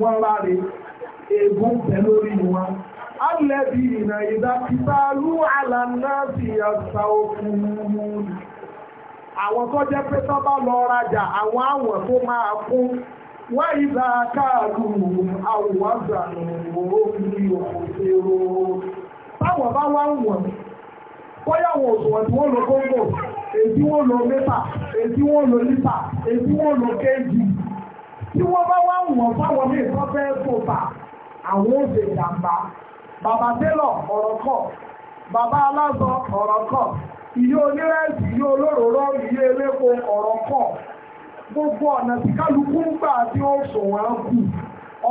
wọ́n láre ègún tẹ̀ lórí wọn. Alẹ́bí ìnà ìdákítà lú àlànà sí àṣà òkùnrin. Àwọn tó jẹ́ pé tó bá lọ rajà, àwọn àwọn tó máa kún wá ìdá káàdù àwòwá gbànú òun ní òṣèrò táwọn bá wá ń wọ̀n bóyá wọn òṣùwọ̀n tí wọ́n lo kóńgò èyí wọ́n lo mẹ́ta èyí wọ́n lo lítà èyí wọ́n lo kéèjì tí wọ́n bá wá ń wọ̀n fáwọn míì tó fẹ́ fòfà àwọn òṣè ìjàmbá bàbá télọ̀ ọ̀rọ̀ kọ̀ bàbá aláṣọ ọ̀rọ̀ kọ̀ ìyá onírẹ́sì ìyá olóròró ìyá eléko ọ̀rọ̀ kọ̀ gbogbo ọ̀nà tí kálukú ń gbà tí ó sòwọ́n kù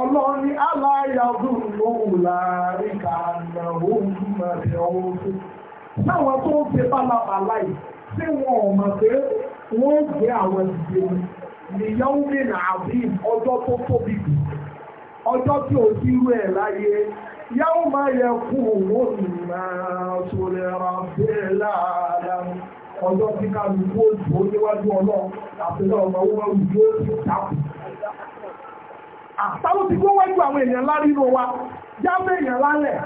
ọlọ́ni aláyàdùn lóhùn láàrin kàánà òun mẹ́rin ọ̀hún tó. Táwọn tó ń ṣe bálabàlá yìí tí wọn ò mọ̀ pé wọ́n ń gbé àwọn ìdílé nìyẹn ń rìn àbín ọjọ́ tó tóbi jù ọjọ́ tí ò sí irú ẹ̀ láyé yàwó máa yẹ kú òun náà ọjọ́ tí ká lu kóòtù ó níwájú ọlọ́run àti náà ọmọ owó wáwù yóò sì dákù. àtàwọn ti gbọ́ wájú àwọn èèyàn ńlá nínú wa jábẹ́ èèyàn lálẹ̀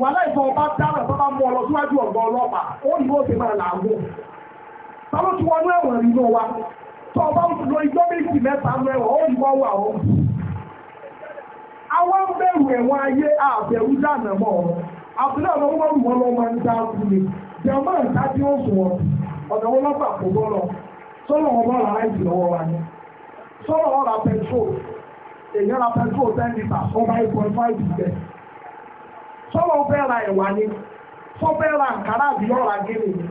wà láìsọ ọba dára tó bá mú ọ lọ síwájú ọ̀gá ọlọ́pàá ó ní ó ti máa làágùn. táwọn ti wọnú ẹ̀wọ̀n nínú wa tó ọba lo igbó méjì mẹ́ta nú ẹ̀wọ̀n ó ní wọ́n wà ó. àwọn bẹ̀rù ẹ̀wọ̀n ayé àbẹ̀rù dànù mọ́ ọ àbúrò àwọn ọmọ wọn lọ máa ń dá ọ̀nà wọn lọ́gbà kò bọ́lọ̀ sọ́nà wọn bọ́lọ̀ láìsí lọ́wọ́ wa ni sọ́nà wọn ra petrol èèyàn ra petrol ten litre ọba eight point five litre sọ́nà wọn fẹ́ ra ẹ̀wà ni sọ́ fẹ́ ra àǹkárá àbí ọ̀rá gẹ́lẹ̀ ni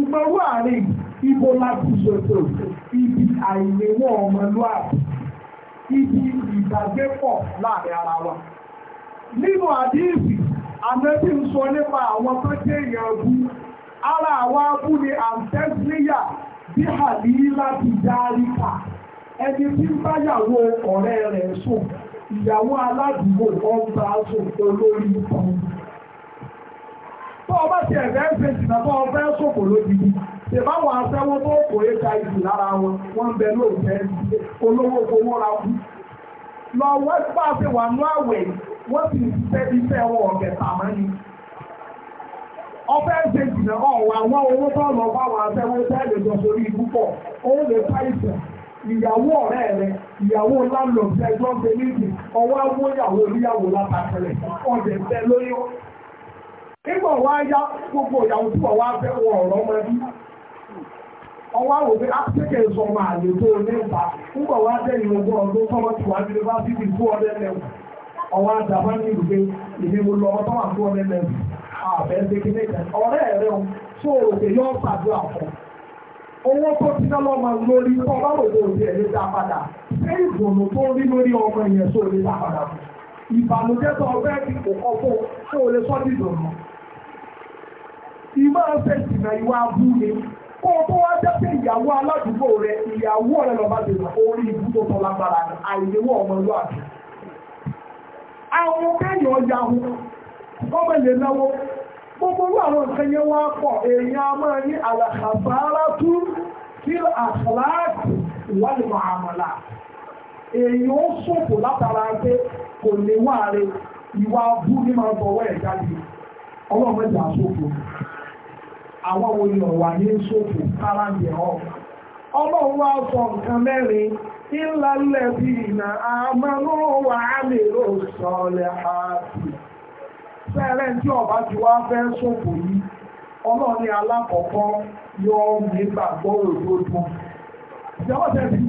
ìgbọ̀rú àárín ibo lábùsọ̀tò ibi àìlèwọ̀ ọmọlúwàbí ibi ìdàgbépọ̀ láàrin ara wa nínú àdíìsì àmẹ́bí ń sọ nípa àwọn tó jẹ́ ìyàgbú ara àwọn abúlé àǹtẹ́síríyà bí àlìlá ti dáríkà ẹni tí ń báyàwó ọ̀rẹ́ rẹ̀ sùn ìyàwó aládùúgbò ọgbà sùn olórí kan tó ọba ti ẹ̀fẹ́ ń fèsì náà tó ọfẹ́ sòkò lójijì tèbáwọn aṣẹ́wó tó kò é ka ìsì lára wọn wọ́n ń bẹ lóòfẹ́ olówó owó ra kú lọ wọ́n bá wà ní àwẹ̀ wọ́n sì ń ṣiṣẹ́ iṣẹ́ wọn ọ̀gẹ̀ tàmánì ọfẹ́ ṣe jìnà ọ̀wọ̀ àwọn owó tọ́lọ̀ bá wà àtẹ́wọ́ tẹ́lẹ̀ jọ sórí ó lè ìyàwó ọ̀rẹ́ rẹ ìyàwó ẹjọ́ ṣe níbi ọwọ́ oníyàwó ọ̀dẹ̀ tẹ lóyún. nígbà wá yá gbogbo ìyàwó tí wọ́n wá fẹ́ wọ ọ̀rọ̀ bí ọwọ́ àwọn òbí sọ tó nígbà wá jẹ́ ìrọ̀gbọ́n ọdún tọ́mọ tí wàá yunifásitì àbẹ̀ẹ́sẹ̀ kí ní ìtàn ọ̀rẹ́ rẹ̀ ń tó òkè yọ ṣàdúrà fún owó tó ti ná lọ́mọ lórí tó bá lòdì òdì ẹ̀ lè dá padà ṣé ìdùnnú tó rí lórí ọmọ yẹn tó lè dá padà fún ìbànújẹ́ tó ọbẹ̀ ti kò kọ́ fún tó lè sọ́ dìdùnnú. ìmọ̀ ọ̀sẹ̀ ìsìnà ìwà abú ni kó o tó wá jẹ́ pé ìyàwó aládùúgbò rẹ ìyàwó ọ̀rẹ́ lọ́ba dènà orí ibùdó tó lágbára àìléwọ́ ọmọlúwàbí. àwọn kẹ́yìn ọjà kọ́mọ̀ lè náwó gbogbo orú àwọn nǹkan yẹn wá pọ̀ èèyàn a máa tú kí àkàláàkù ìwádìí mọ̀ àmàlà èèyàn ó ṣòfò látara pé kò lè wà ìwà bú ní máa bọ̀wọ́ ẹ̀ jáde ọlọ́run mẹ́ta àwọn ní kára ń sọ nǹkan mẹ́rin fẹ́rẹ̀ nke ọba ti wá fẹ́ sòfò yìí ni alákọ̀ọ́kọ́ yọ nígbà gbọ́rọ̀ ìjọba tẹ̀ sí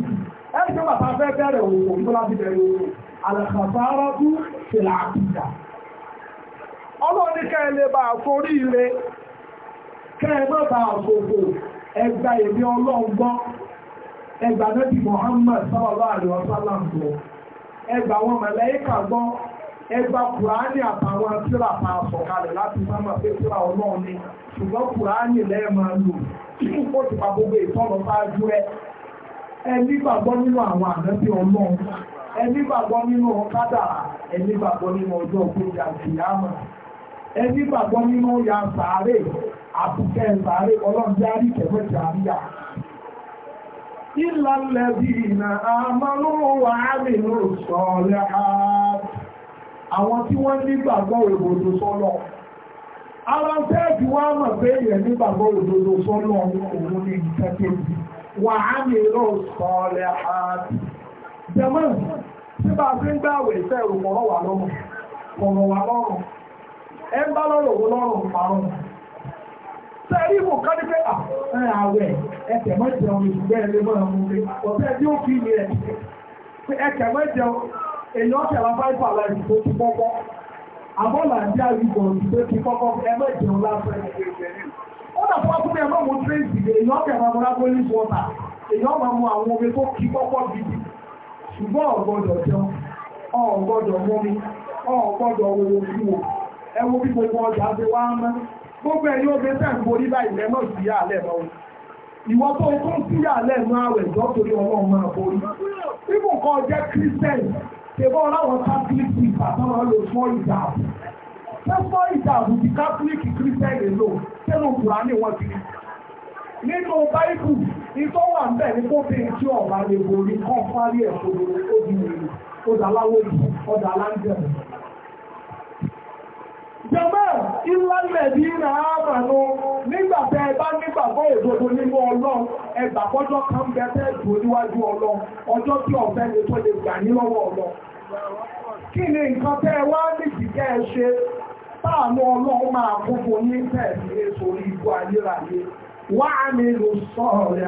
ẹni tó bàtà fẹ́ bẹ̀rẹ̀ òwò tó láti bẹ̀rẹ̀ òwò àlàkàfàárọ̀ tó ṣe làákìjà. ọlọ́ọ̀ni kẹ́lẹ́ bá àforí ire bá ẹgbà èmi ọlọ́run gbọ́ ẹgbà nẹ́bí Muhammad ẹgbà wọn gbọ́ ẹgbà kùránì àtàwọn tíra pa àsọ̀kalẹ̀ láti sámà pé ọlọ́run ni ṣùgbọ́n kùránì lẹ́ẹ̀mà lò ó ti pa gbogbo ìtọ́nà sáájú ẹ ẹni gbàgbọ́ nínú àwọn ànábì ọlọ́run ẹni gbàgbọ́ nínú gbàgbọ́ nínú ọjọ́ gbàgbọ́ nínú ya sàárè àbùkẹ́ sàárè ọlọ́run lẹ́bí ló àwọn tí wọ́n nígbàgbọ́ òdodo sọ́lọ́ ara tẹ́ẹ̀kì wá mọ̀ pé èèyàn nígbàgbọ́ òdodo sọ́lọ́ òun ní nǹkan kejì wà á ní irọ́ sọ́ọ̀lẹ̀ àti jẹmọ́ tí bá fi ń gbàwẹ̀ ìfẹ́ ìrùkọ̀rọ̀ wà lọ́rùn kọ̀rọ̀ wà lọ́rùn ẹ ń bá lọ́rùn owó lọ́rùn parun sẹ́rí ìwò kan ní pé àwẹ̀ ẹ̀kẹ̀ mọ́ jẹun ìṣùgbẹ́ ẹ̀lẹ́mọ́ ọ̀sẹ̀ tí ó fi ní ẹ̀ ẹ̀kẹ̀ mọ́ jẹun èyí ọ̀sẹ̀ wa fáìfà láti tó ti kọ́kọ́ àbọ̀là ń dá ìgbọ̀n tó ti kọ́kọ́ ẹgbẹ́ ìjẹun lásán ó dà fún akúnmí ẹgbẹ́ mú tírèsì èyí ọ̀sẹ̀ máa múra bó ní wọ́tà èyí ọ̀ma mu àwọn omi tó kí kọ́kọ́ gidi ṣùgbọ́n ọ̀gbọ́dọ̀ jẹun ọ̀gbọ́dọ̀ mọ́mi ọ̀gbọ́dọ̀ owó fún o ẹ wo bí gbogbo ọjà ṣe wá mọ́ gbogbo ẹ̀yin obìnrin tẹ̀ ń borí báyìí lẹ́mọ̀ sí àlẹ́ mọ́ ìwọ tó tún sí àlẹ́ mọ́ àwẹ̀ jọ́ torí ọlọ́run máa borí. bíbù jẹ́ kírísítẹ́nì ṣèbọ̀ ọ̀làwọ̀n kápílìkì ìfàtọ́nà lò fún ìjà àbò ṣé fún ìjà àbò ti kápílìkì kírísítẹ́nì lò sínú kùránì wọn kiri nínú báíbù ìtọ́ wà ń bẹ̀ ní kóbi tí ọ̀bà lè borí kọ́ fárí ẹ̀fọ́ ó di wèrè ó dà láwọ́ ìbò ó láńjẹ̀rẹ̀ jẹmọ́ ìlànà bí i náà àmànú nígbàtẹ́ ẹbá nígbàgbọ́ òdodo nínú ọlọ́run ẹgbàgbọ́jọ́ kan bẹ́ẹ̀ dùn níwájú ọlọ́run ọjọ́ tí ọ̀fẹ́ ni tó lè gbà ní lọ́wọ́ ọlọ́run kí ni nǹkan tẹ́ wá nìdí kẹ́ ẹ ṣe táàmú ọlọ́run máa kún fún ní tẹ̀sí èso ìbú ayérayé wá ní ló sọ̀rọ̀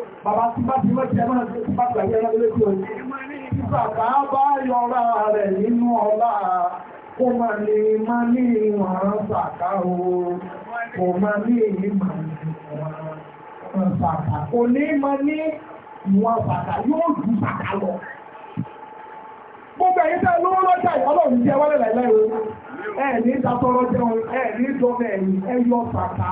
bàbá tí bá ti mọ́tí ẹmọ́ ti bá gbàgbé ẹmọ́ lé kí o ní bàbá bá yọra rẹ̀ nínú ọlá kó má lè má ní ìwọ̀n sàkà o kò má ní ìwọ̀n sàkà kò ní má ní ìwọ̀n sàkà yóò ju sàkà lọ gbogbo ẹ̀yin tẹ́ lówó lọ́jà ìfọ́lọ́run jẹ́ wálẹ̀ láìláìwò ẹ̀ ní ìdátọ́rọ́ jẹun ẹ̀ ní ìdọ́mẹ̀ ẹ̀yìn sàkà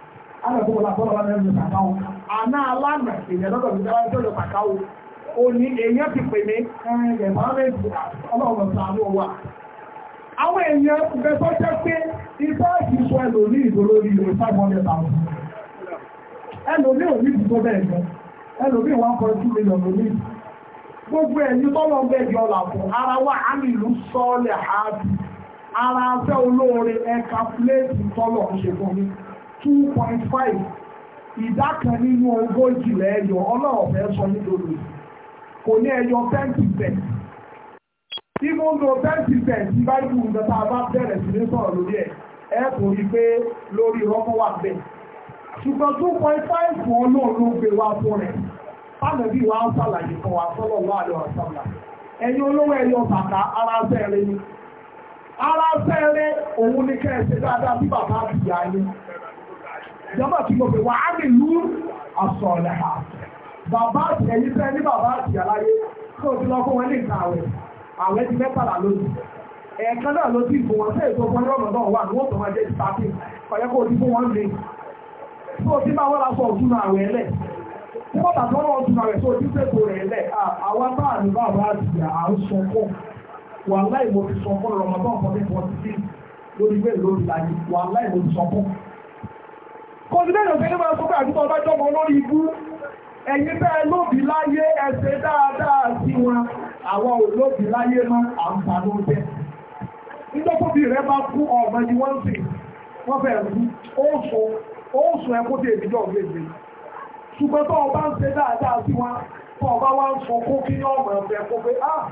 alábọ̀wọ̀lá fọ́lọ́wọ́ náà lọ pàkáwò àná alánà èèyàn lọ́dọ̀ mi dáwọ́ tó lọ pàkáwò ó ní èèyàn ti pè mí ẹ̀rẹ̀ mọ́rẹ́dì ọlọ́run sàánú wa àwọn èèyàn bẹ tó jẹ́ pé ibà ìṣọ ẹlòmí ìdòrò ní ìlú five hundred thousand ẹlòmí ò ní ìdúró bẹ́ẹ̀ lọ ẹlòmí one point two million lòmí gbogbo ẹ̀yìn tọ́lọ́ bẹ́ẹ̀ di ọ̀là fún ara wa ìlú sọ́ọ̀lẹ̀ ààbì ara afẹ́ olóore ẹ̀ka pílẹ̀tì tọ́lọ̀ ṣe fún mi two point five ìdá kan nínú ogójì lẹ́yọ ọlọ́run fẹ́ sọ nítorí kò ní ẹyọ ten percent even though ten percent báyìí nǹkan tá a bá bẹ̀rẹ̀ sí ní sọ̀rọ̀ lórí ẹ̀ ẹ kò rí pé lórí rọ́pọ̀ wà bẹ́ẹ̀ ṣùgbọ́n two point five fún ọlọ́run ló gbé wá fún rẹ̀ fáwọn bí wàá ṣàlàyé kan wà sọ́lọ́ wà lọ́wọ́ sọ́lá ẹ̀yin olówó ẹ̀yọ bàtà ara sẹ́ẹ̀rẹ́ ni ara sẹ́ẹ̀rẹ́ òun ní kẹ́ ẹ̀ ṣe dáadáa sí bàbá àbíyá yín jọba tí mo fi wà á lè lú aṣọ ọ̀lẹ̀ ha bàbá àti ẹ̀yìn fẹ́ ní bàbá àti àláyé tí o ti lọ fún wọn ní nǹkan àwẹ̀ àwẹ̀ ti mẹ́tàlá lónìí ẹ̀ẹ̀kan náà ló ti fún wọn sí èso fún ọlọ́run náà wà ní wọ́n tó máa jẹ́ ìpàtì ọ̀yẹ́ kó o ti fún wọn lè tí o ti máa wọ́n lásọ òtún àwẹ̀ ẹlẹ̀ tí wọ́n bàtà wọn òtún àwẹ̀ tó o ti fẹ́ tó kò sí lẹ́yìn òṣèlú máa sọ́kọ̀ àdúgbò ọba jọmọ lórí ibú ẹ̀yin bẹ́ẹ̀ lóbi láyé ẹsẹ̀ dáadáa sí wọn àwọn olóbi láyé máa àǹfààní oúnjẹ nígbàkóbi rẹ bá ni wọ́n sì wọ́n fẹ́ rú ó sùn ẹkú tí èmi jọ gbèsè ṣùgbọ́n tó ọba ń ṣe dáadáa sí ah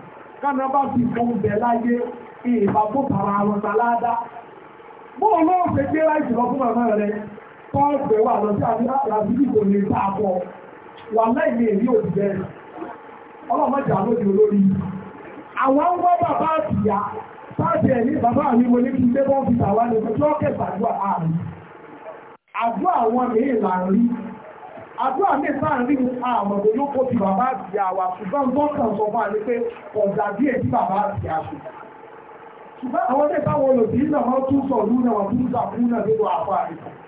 kánà bá sì fún bẹ̀ láyé ìbàbọ̀ tààrà àwọn tàládá bóòlù ó ṣe gbé láìsí lọ fún màmá rẹ kọ́ọ̀gbẹ̀ wà lọ sí àbíkí kò lè àpọ̀ wà láìní èrí òdìbẹ̀ ọlọ́mọjà lójú olórí àwọn ń wọ́n bàbá àtìyà sáàtì ẹ̀ní bàbá mi mo ní kí n fi tàwa ní ọjọ́ kẹta àdúrà àwọn mìí láàrin àdúrà mìí sáàrin àmọ̀bọ̀ yóò kó ti bàbá àtìyà wà ṣùgbọ́n baba sọ fún pé ọ̀dà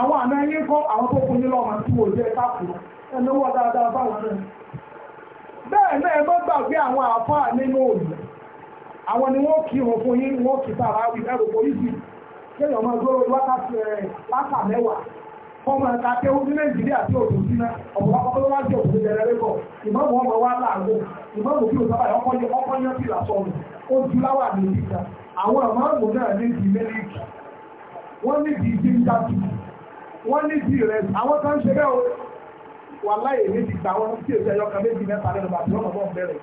àwọn àmì ayé kọ́ àwọn tó kún nílọ ọmọ tí wọ́n jẹ́ káàkù ẹnúwọ́ dáadáa báwọn náà bẹ́ẹ̀ náà ẹ má gbàgbé àwọn àfáà nínú òòlù àwọn ni wọ́n kí wọn fún yín wọ́n kì tààrà wí ẹrù polisi kéèyàn máa gbọ́ wákàtí ẹ̀ látà mẹ́wàá fọ́mọ ẹ̀ka kéwú ní nàìjíríà tí òtún sí náà ọ̀pọ̀ tó wá jẹ́ òtún jẹrẹ lẹ́kọ̀ọ́ ìmọ̀mù ọmọ wọ́n ní bí rẹ̀ àwọn kan ṣe bẹ́ẹ̀ o wà láyè méjì gbà wọn sí èsì ẹ̀yọkàn méjì mẹ́ta lẹ́nu bàbá wọn bọ̀ bẹ̀rẹ̀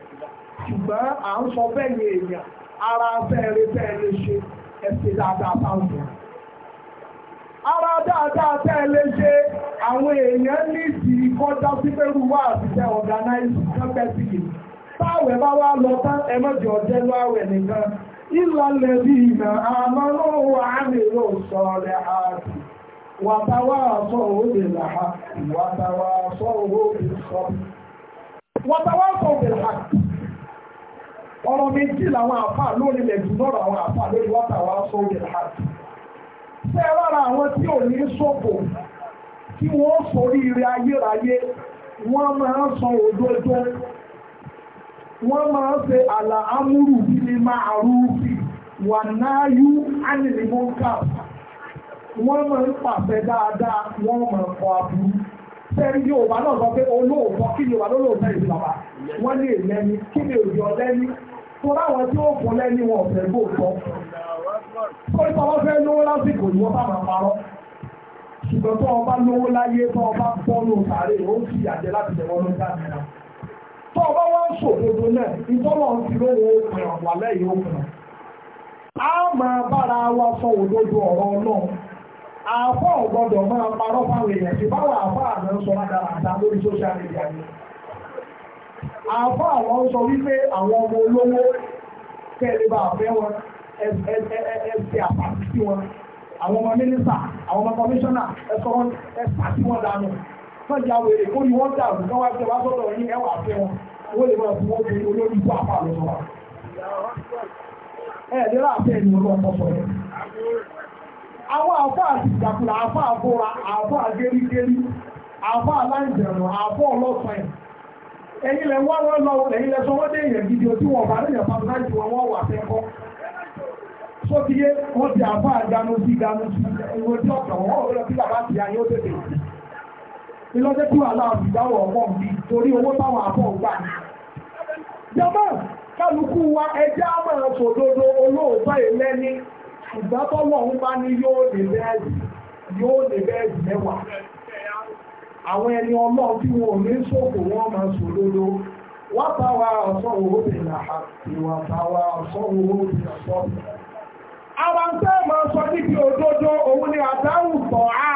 ṣùgbọ́n à ń sọ bẹ́ẹ̀ ni èèyàn ara fẹ́ẹ̀rẹ́ fẹ́ẹ̀rẹ́ ṣe ẹ̀sẹ̀ dáadáa fáwọn ara dáadáa tẹ́ẹ̀lẹ́ ṣe àwọn èèyàn ní ti kọjá sí pẹ̀lú wà àtijọ́ ọ̀gánáìsì kẹ́pẹ́sì yìí táwẹ̀ bá wá lọ tán ẹmọ́jọ ọjẹ́ láwẹ̀ nìkan ìlànà bí ìmọ̀ àmọ́ náà wà á nílò sọ̀rẹ̀ àti wàtàwàásọ̀ sọ làhà wàtàwàásọ̀ òde sọ wàtàwàásọ̀ òde làwọn àfà lórí lọ́rọ̀ àwọn àfà lórí wàtàwàásọ̀ òde làhà fẹ́ lára àwọn tí ò ní ṣòfò tí wọ́n sórí ire ayérayé wọ́n máa ń san òdodo wọ́n máa ń ṣe wọ́n máa ń pàṣẹ dáadáa wọ́n kọ aburú sẹ́ni bí náà sọ pé olóòótọ́ kí ni òbá lólóòótọ́ ìlú bàbá wọ́n lè lẹ́ni kí ni òbí ọlẹ́ni tó láwọn tí ó fún lẹ́ni wọn ọ̀fẹ́ fẹ́ lówó lásìkò bá máa parọ́ ṣùgbọ́n tó ọba lówó láyé tó ọba sàárè ó sì yàjẹ́ láti tẹ̀wọ́ ló dá tó a máa àfọ́ ọ̀gbọ́dọ̀ máa parọ́ fáwọn èèyàn tí báwọn àfọ́ àmì ń sọ lágbára àtà lórí social media ni àfọ́ àwọn ń sọ wípé àwọn ọmọ olówó kẹ́lẹ́ bá fẹ́ wọn ẹsẹ̀ àpàtì sí wọn àwọn ọmọ mínísà àwọn ọmọ kọmíṣánná ẹsọ wọn ẹsà sí wọn dànù wọn jà wèrè kó ni wọn dàrú kí wọn jẹ wá sọ́dọ̀ yín ẹwà fẹ́ wọn wọn lè máa fún wọn fún olórí ikú àpá lọ sọ wa ẹ̀ẹ́dẹ́rẹ́ àfẹ́ ìlú ọlọ́pọ̀ sọ̀rọ̀ àwọn àfọ́ àti ìjàkùlà àfọ́ àbúra àfọ́ àgérígérí àfọ́ aláìjẹ̀nù àfọ́ ọlọ́sàn ẹ̀yìn lẹ wọ́n wọ́n lọ ẹ̀yìn lẹ dé èèyàn gidi tí wọ́n bá lẹ́yìn pàtàkì wọn wọ́n wà fẹ́kọ́ só ti yé wọ́n ti àfọ́ àganu sí sí wọ́n lọ sí bàbá ti ayé ó tètè ìlọ́jẹ́ tí wà ìdáwọ̀ mi torí owó táwọn gbà ní. jọba ṣùgbọ́n tọ́lọ̀ ń bá ní yóò lè bẹ́ẹ̀dì yóò lè bẹ́ẹ̀dì mẹ́wàá àwọn ẹni ọlọ́run tí wọn ò ní ṣòfò wọn máa ṣòdodo wọ́n táwa ọ̀sọ́ owó bìnnà àti wọ́n táwa ọ̀sọ́ owó bìnnà sọ́ọ̀bù. àwọn tẹ́ máa sọ níbi òdodo òun ni àdáhùn tọ̀ á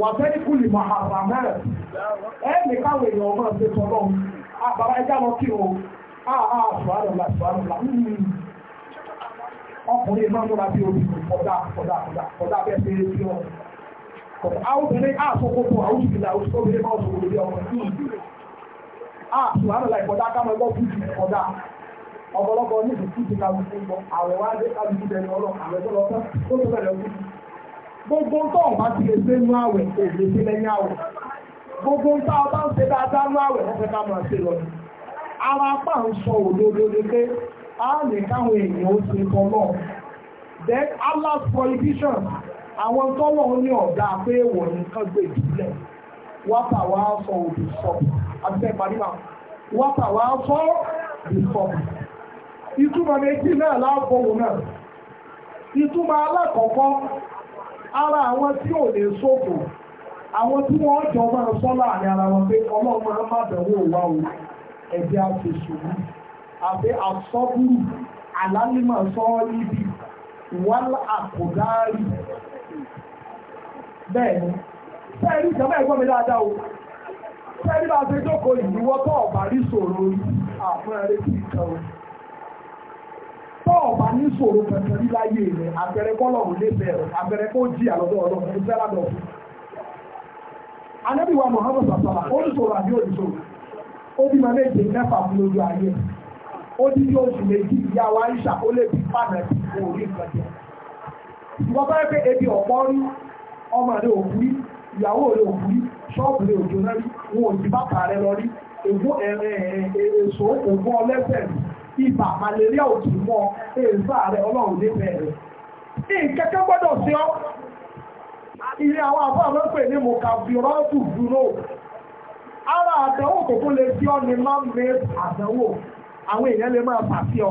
wà tẹ́lí kùlì mọ̀ àbàmẹ́rẹ̀ ẹ̀ ní káwọn èèyàn máa ṣe sọ náà àbàbá ẹja lọ kí o àà àà sùwárọ̀ là sùwárọ̀ là ọkùnrin máa ń múra bí omi kọ̀dá kọ̀dá kọ̀dá kọ̀dá bẹ́ẹ̀ ṣe é sí ọ̀rọ̀. kọ̀dá obìnrin àkókò tó àwùjọ ìlà òṣìṣẹ́ obìnrin máa ọmọ sí ìlú. àtù àrùlà ìkọ̀dá ká máa gbọ́ fújì kọ̀dá ọ̀pọ̀lọpọ̀ ní ìlú fújì ká gbogbo ń bọ̀ wá dé kábíyí bẹ̀rẹ̀ ọlọ́ á lè káwọn èèyàn ó ṣe tọ́lọ̀ then Allah's prohibition àwọn tọ́lọ̀ ní ọ̀dà pé èèwọ̀ nìkan gbé ìdílẹ̀ wápà wá sọ òbí sọ àbíkẹ́ ìpàdébà wápà wá sọ òbí sọ ìtumọ̀ méjì náà láàbọ̀wò náà ìtumọ̀ alákọ̀ọ́kọ́ ara àwọn tí ò lè sófò àwọn tí wọ́n jọ máa sọ láàrin ara wọn pé ọlọ́run máa má bẹ̀wò wá o ẹ̀jẹ̀ àti ìṣòro àbí àsọ́bùrù àlálìmọ̀ sọ́ọ́lìbì wọ́n àkùdárì bẹ́ẹ̀ni sẹ́ẹ̀rí ìjọba ẹ̀gbọ́n mi dáadáa o sẹ́ẹ̀rí bá ṣe jókòó ìdíwọ́ tó ọ̀bà rí sòrò àfúnrẹ́rẹ́ sí ìkan o tó ọ̀bà ní sòrò kankan rí láyé rẹ̀ àpẹẹrẹ kọ́lọ̀ ò lé bẹ̀rẹ̀ àpẹẹrẹ kó jí àlọ́dọ̀ ọlọ́run ní fẹ́ ládọ̀ fún anábìwá Muhammad sàṣàlà ó ní sòrò àbí òdìsòrò ó bí ma méje mẹ́fà fún lójú ayé rẹ̀ ó ní yóò sì méjì ìyá wa ń ṣà ó lè fi pàdé fún orí nǹkan jẹ ìwọ́n bá pé ebi ọ̀pọ̀ rí ọmọ rẹ òkú rí ìyàwó rẹ òkú rí ṣọ́ọ̀bù rẹ òjò náà rí wọn ò ti bàtà rẹ lọ rí ègún ẹ̀rẹ̀ èso ògùn ọlẹ́sẹ̀ ibà malaria òkú mọ́ èèfà rẹ ọlọ́run ní bẹ̀rẹ̀ ìkẹ́kẹ́ gbọ́dọ̀ sí ọ́ ilé àwọn àbáwọn pè ní mọ̀kàbíọ́rọ́dù dúró ara àdánwò kòkó lè sí ọ́ ní máa ń àwọn èèyàn lè máa ọ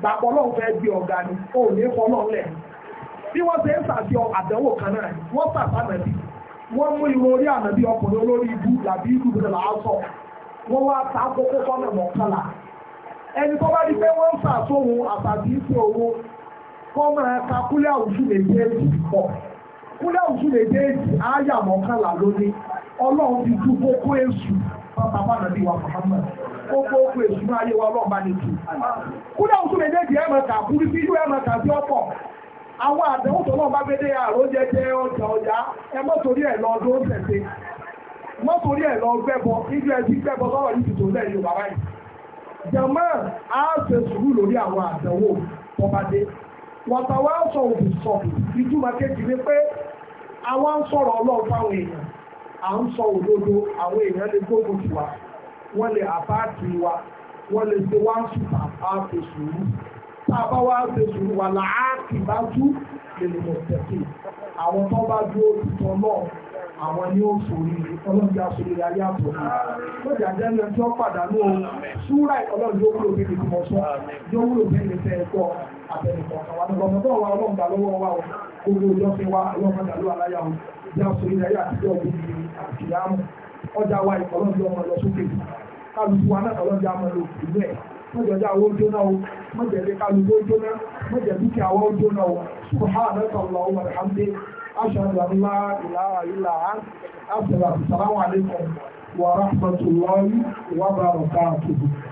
gbàgbọ́ lọ́hùn fẹ́ di ọ̀gá ni ó lè fọ́ lẹ̀ ọ àdánwò kan náà wọ́n pàṣẹ ànàbí wọ́n mú irun orí ànàbí ọkùnrin olórí ibú làbí ibú bẹ̀rẹ̀ wọ́n wá ta kókó kọ́nà ẹni tó bá di pé wọ́n ń owó kọ́ máa ka kúlẹ̀ pọ̀ kúlẹ̀ lónìí ọlọ́run ti pápá náà bí wa Muhammad kókó kó èsùnú ayé wa ọlọ́ọ̀bá àwọn àdéhùn tó bá gbé àrò jẹjẹ ọjà ọjà ẹ ẹ̀ lọ ọdún ṣẹ̀ṣẹ̀ mọ́tòrí ẹ̀ lọ gbẹ́bọ ibi ẹ̀ gbẹ́bọ sọ́rọ̀ yìí tuntun lẹ́yìn Yorùbá báyìí. jẹ̀mọ́ á ṣe sùúrù lórí àwọn àdéhùn à ń sọ òdodo àwọn èèyàn lè gbógun tì wá wọ́n lè àbáàkì wa wọ́n lè ṣe wá ń sùn àbáàkì sùúrù tá a bá wá ṣe sùúrù wà láàkì bá tú lè mọ̀ tẹ̀sí àwọn tó bá dúró tuntun náà àwọn ni ó sòrí ọlọ́jà sórí ayé àtọ̀nà lọ́jà jẹ́lẹ̀ tí ó pàdánù ohun ṣúra ọlọ́jà ó wúlò bíi ìmọ̀ sọ yóò wúlò bíi ìfẹ́ ẹ̀kọ́ àtẹnìkọ̀ọ̀kan wa ní ọmọdé wa ọlọ́mọdà lọ́wọ́ wa gbogbo ìjọsìn wa ọlọ́mọdà lọ́wọ́ aláyàwó ìjà sọ ilẹ̀ ayé àtijọ́ bí àtìyámù ọjà wa ìkọlọ́ọ̀dì ọmọ lọ sókè kálukú wa náà kọlọ́ọ̀dì àmọ́ lò ìlú ẹ̀ mọ̀jẹ̀dẹ̀ àwọn ojú náà o mọ̀jẹ̀dẹ̀ kálukú ojú náà mọ̀jẹ̀ dúkìá àwọn ojú náà o subhanallahi walhamdulillah ashhadu an la ilaha illa anta assalamu alaikum wa rahmatullahi wa barakatuh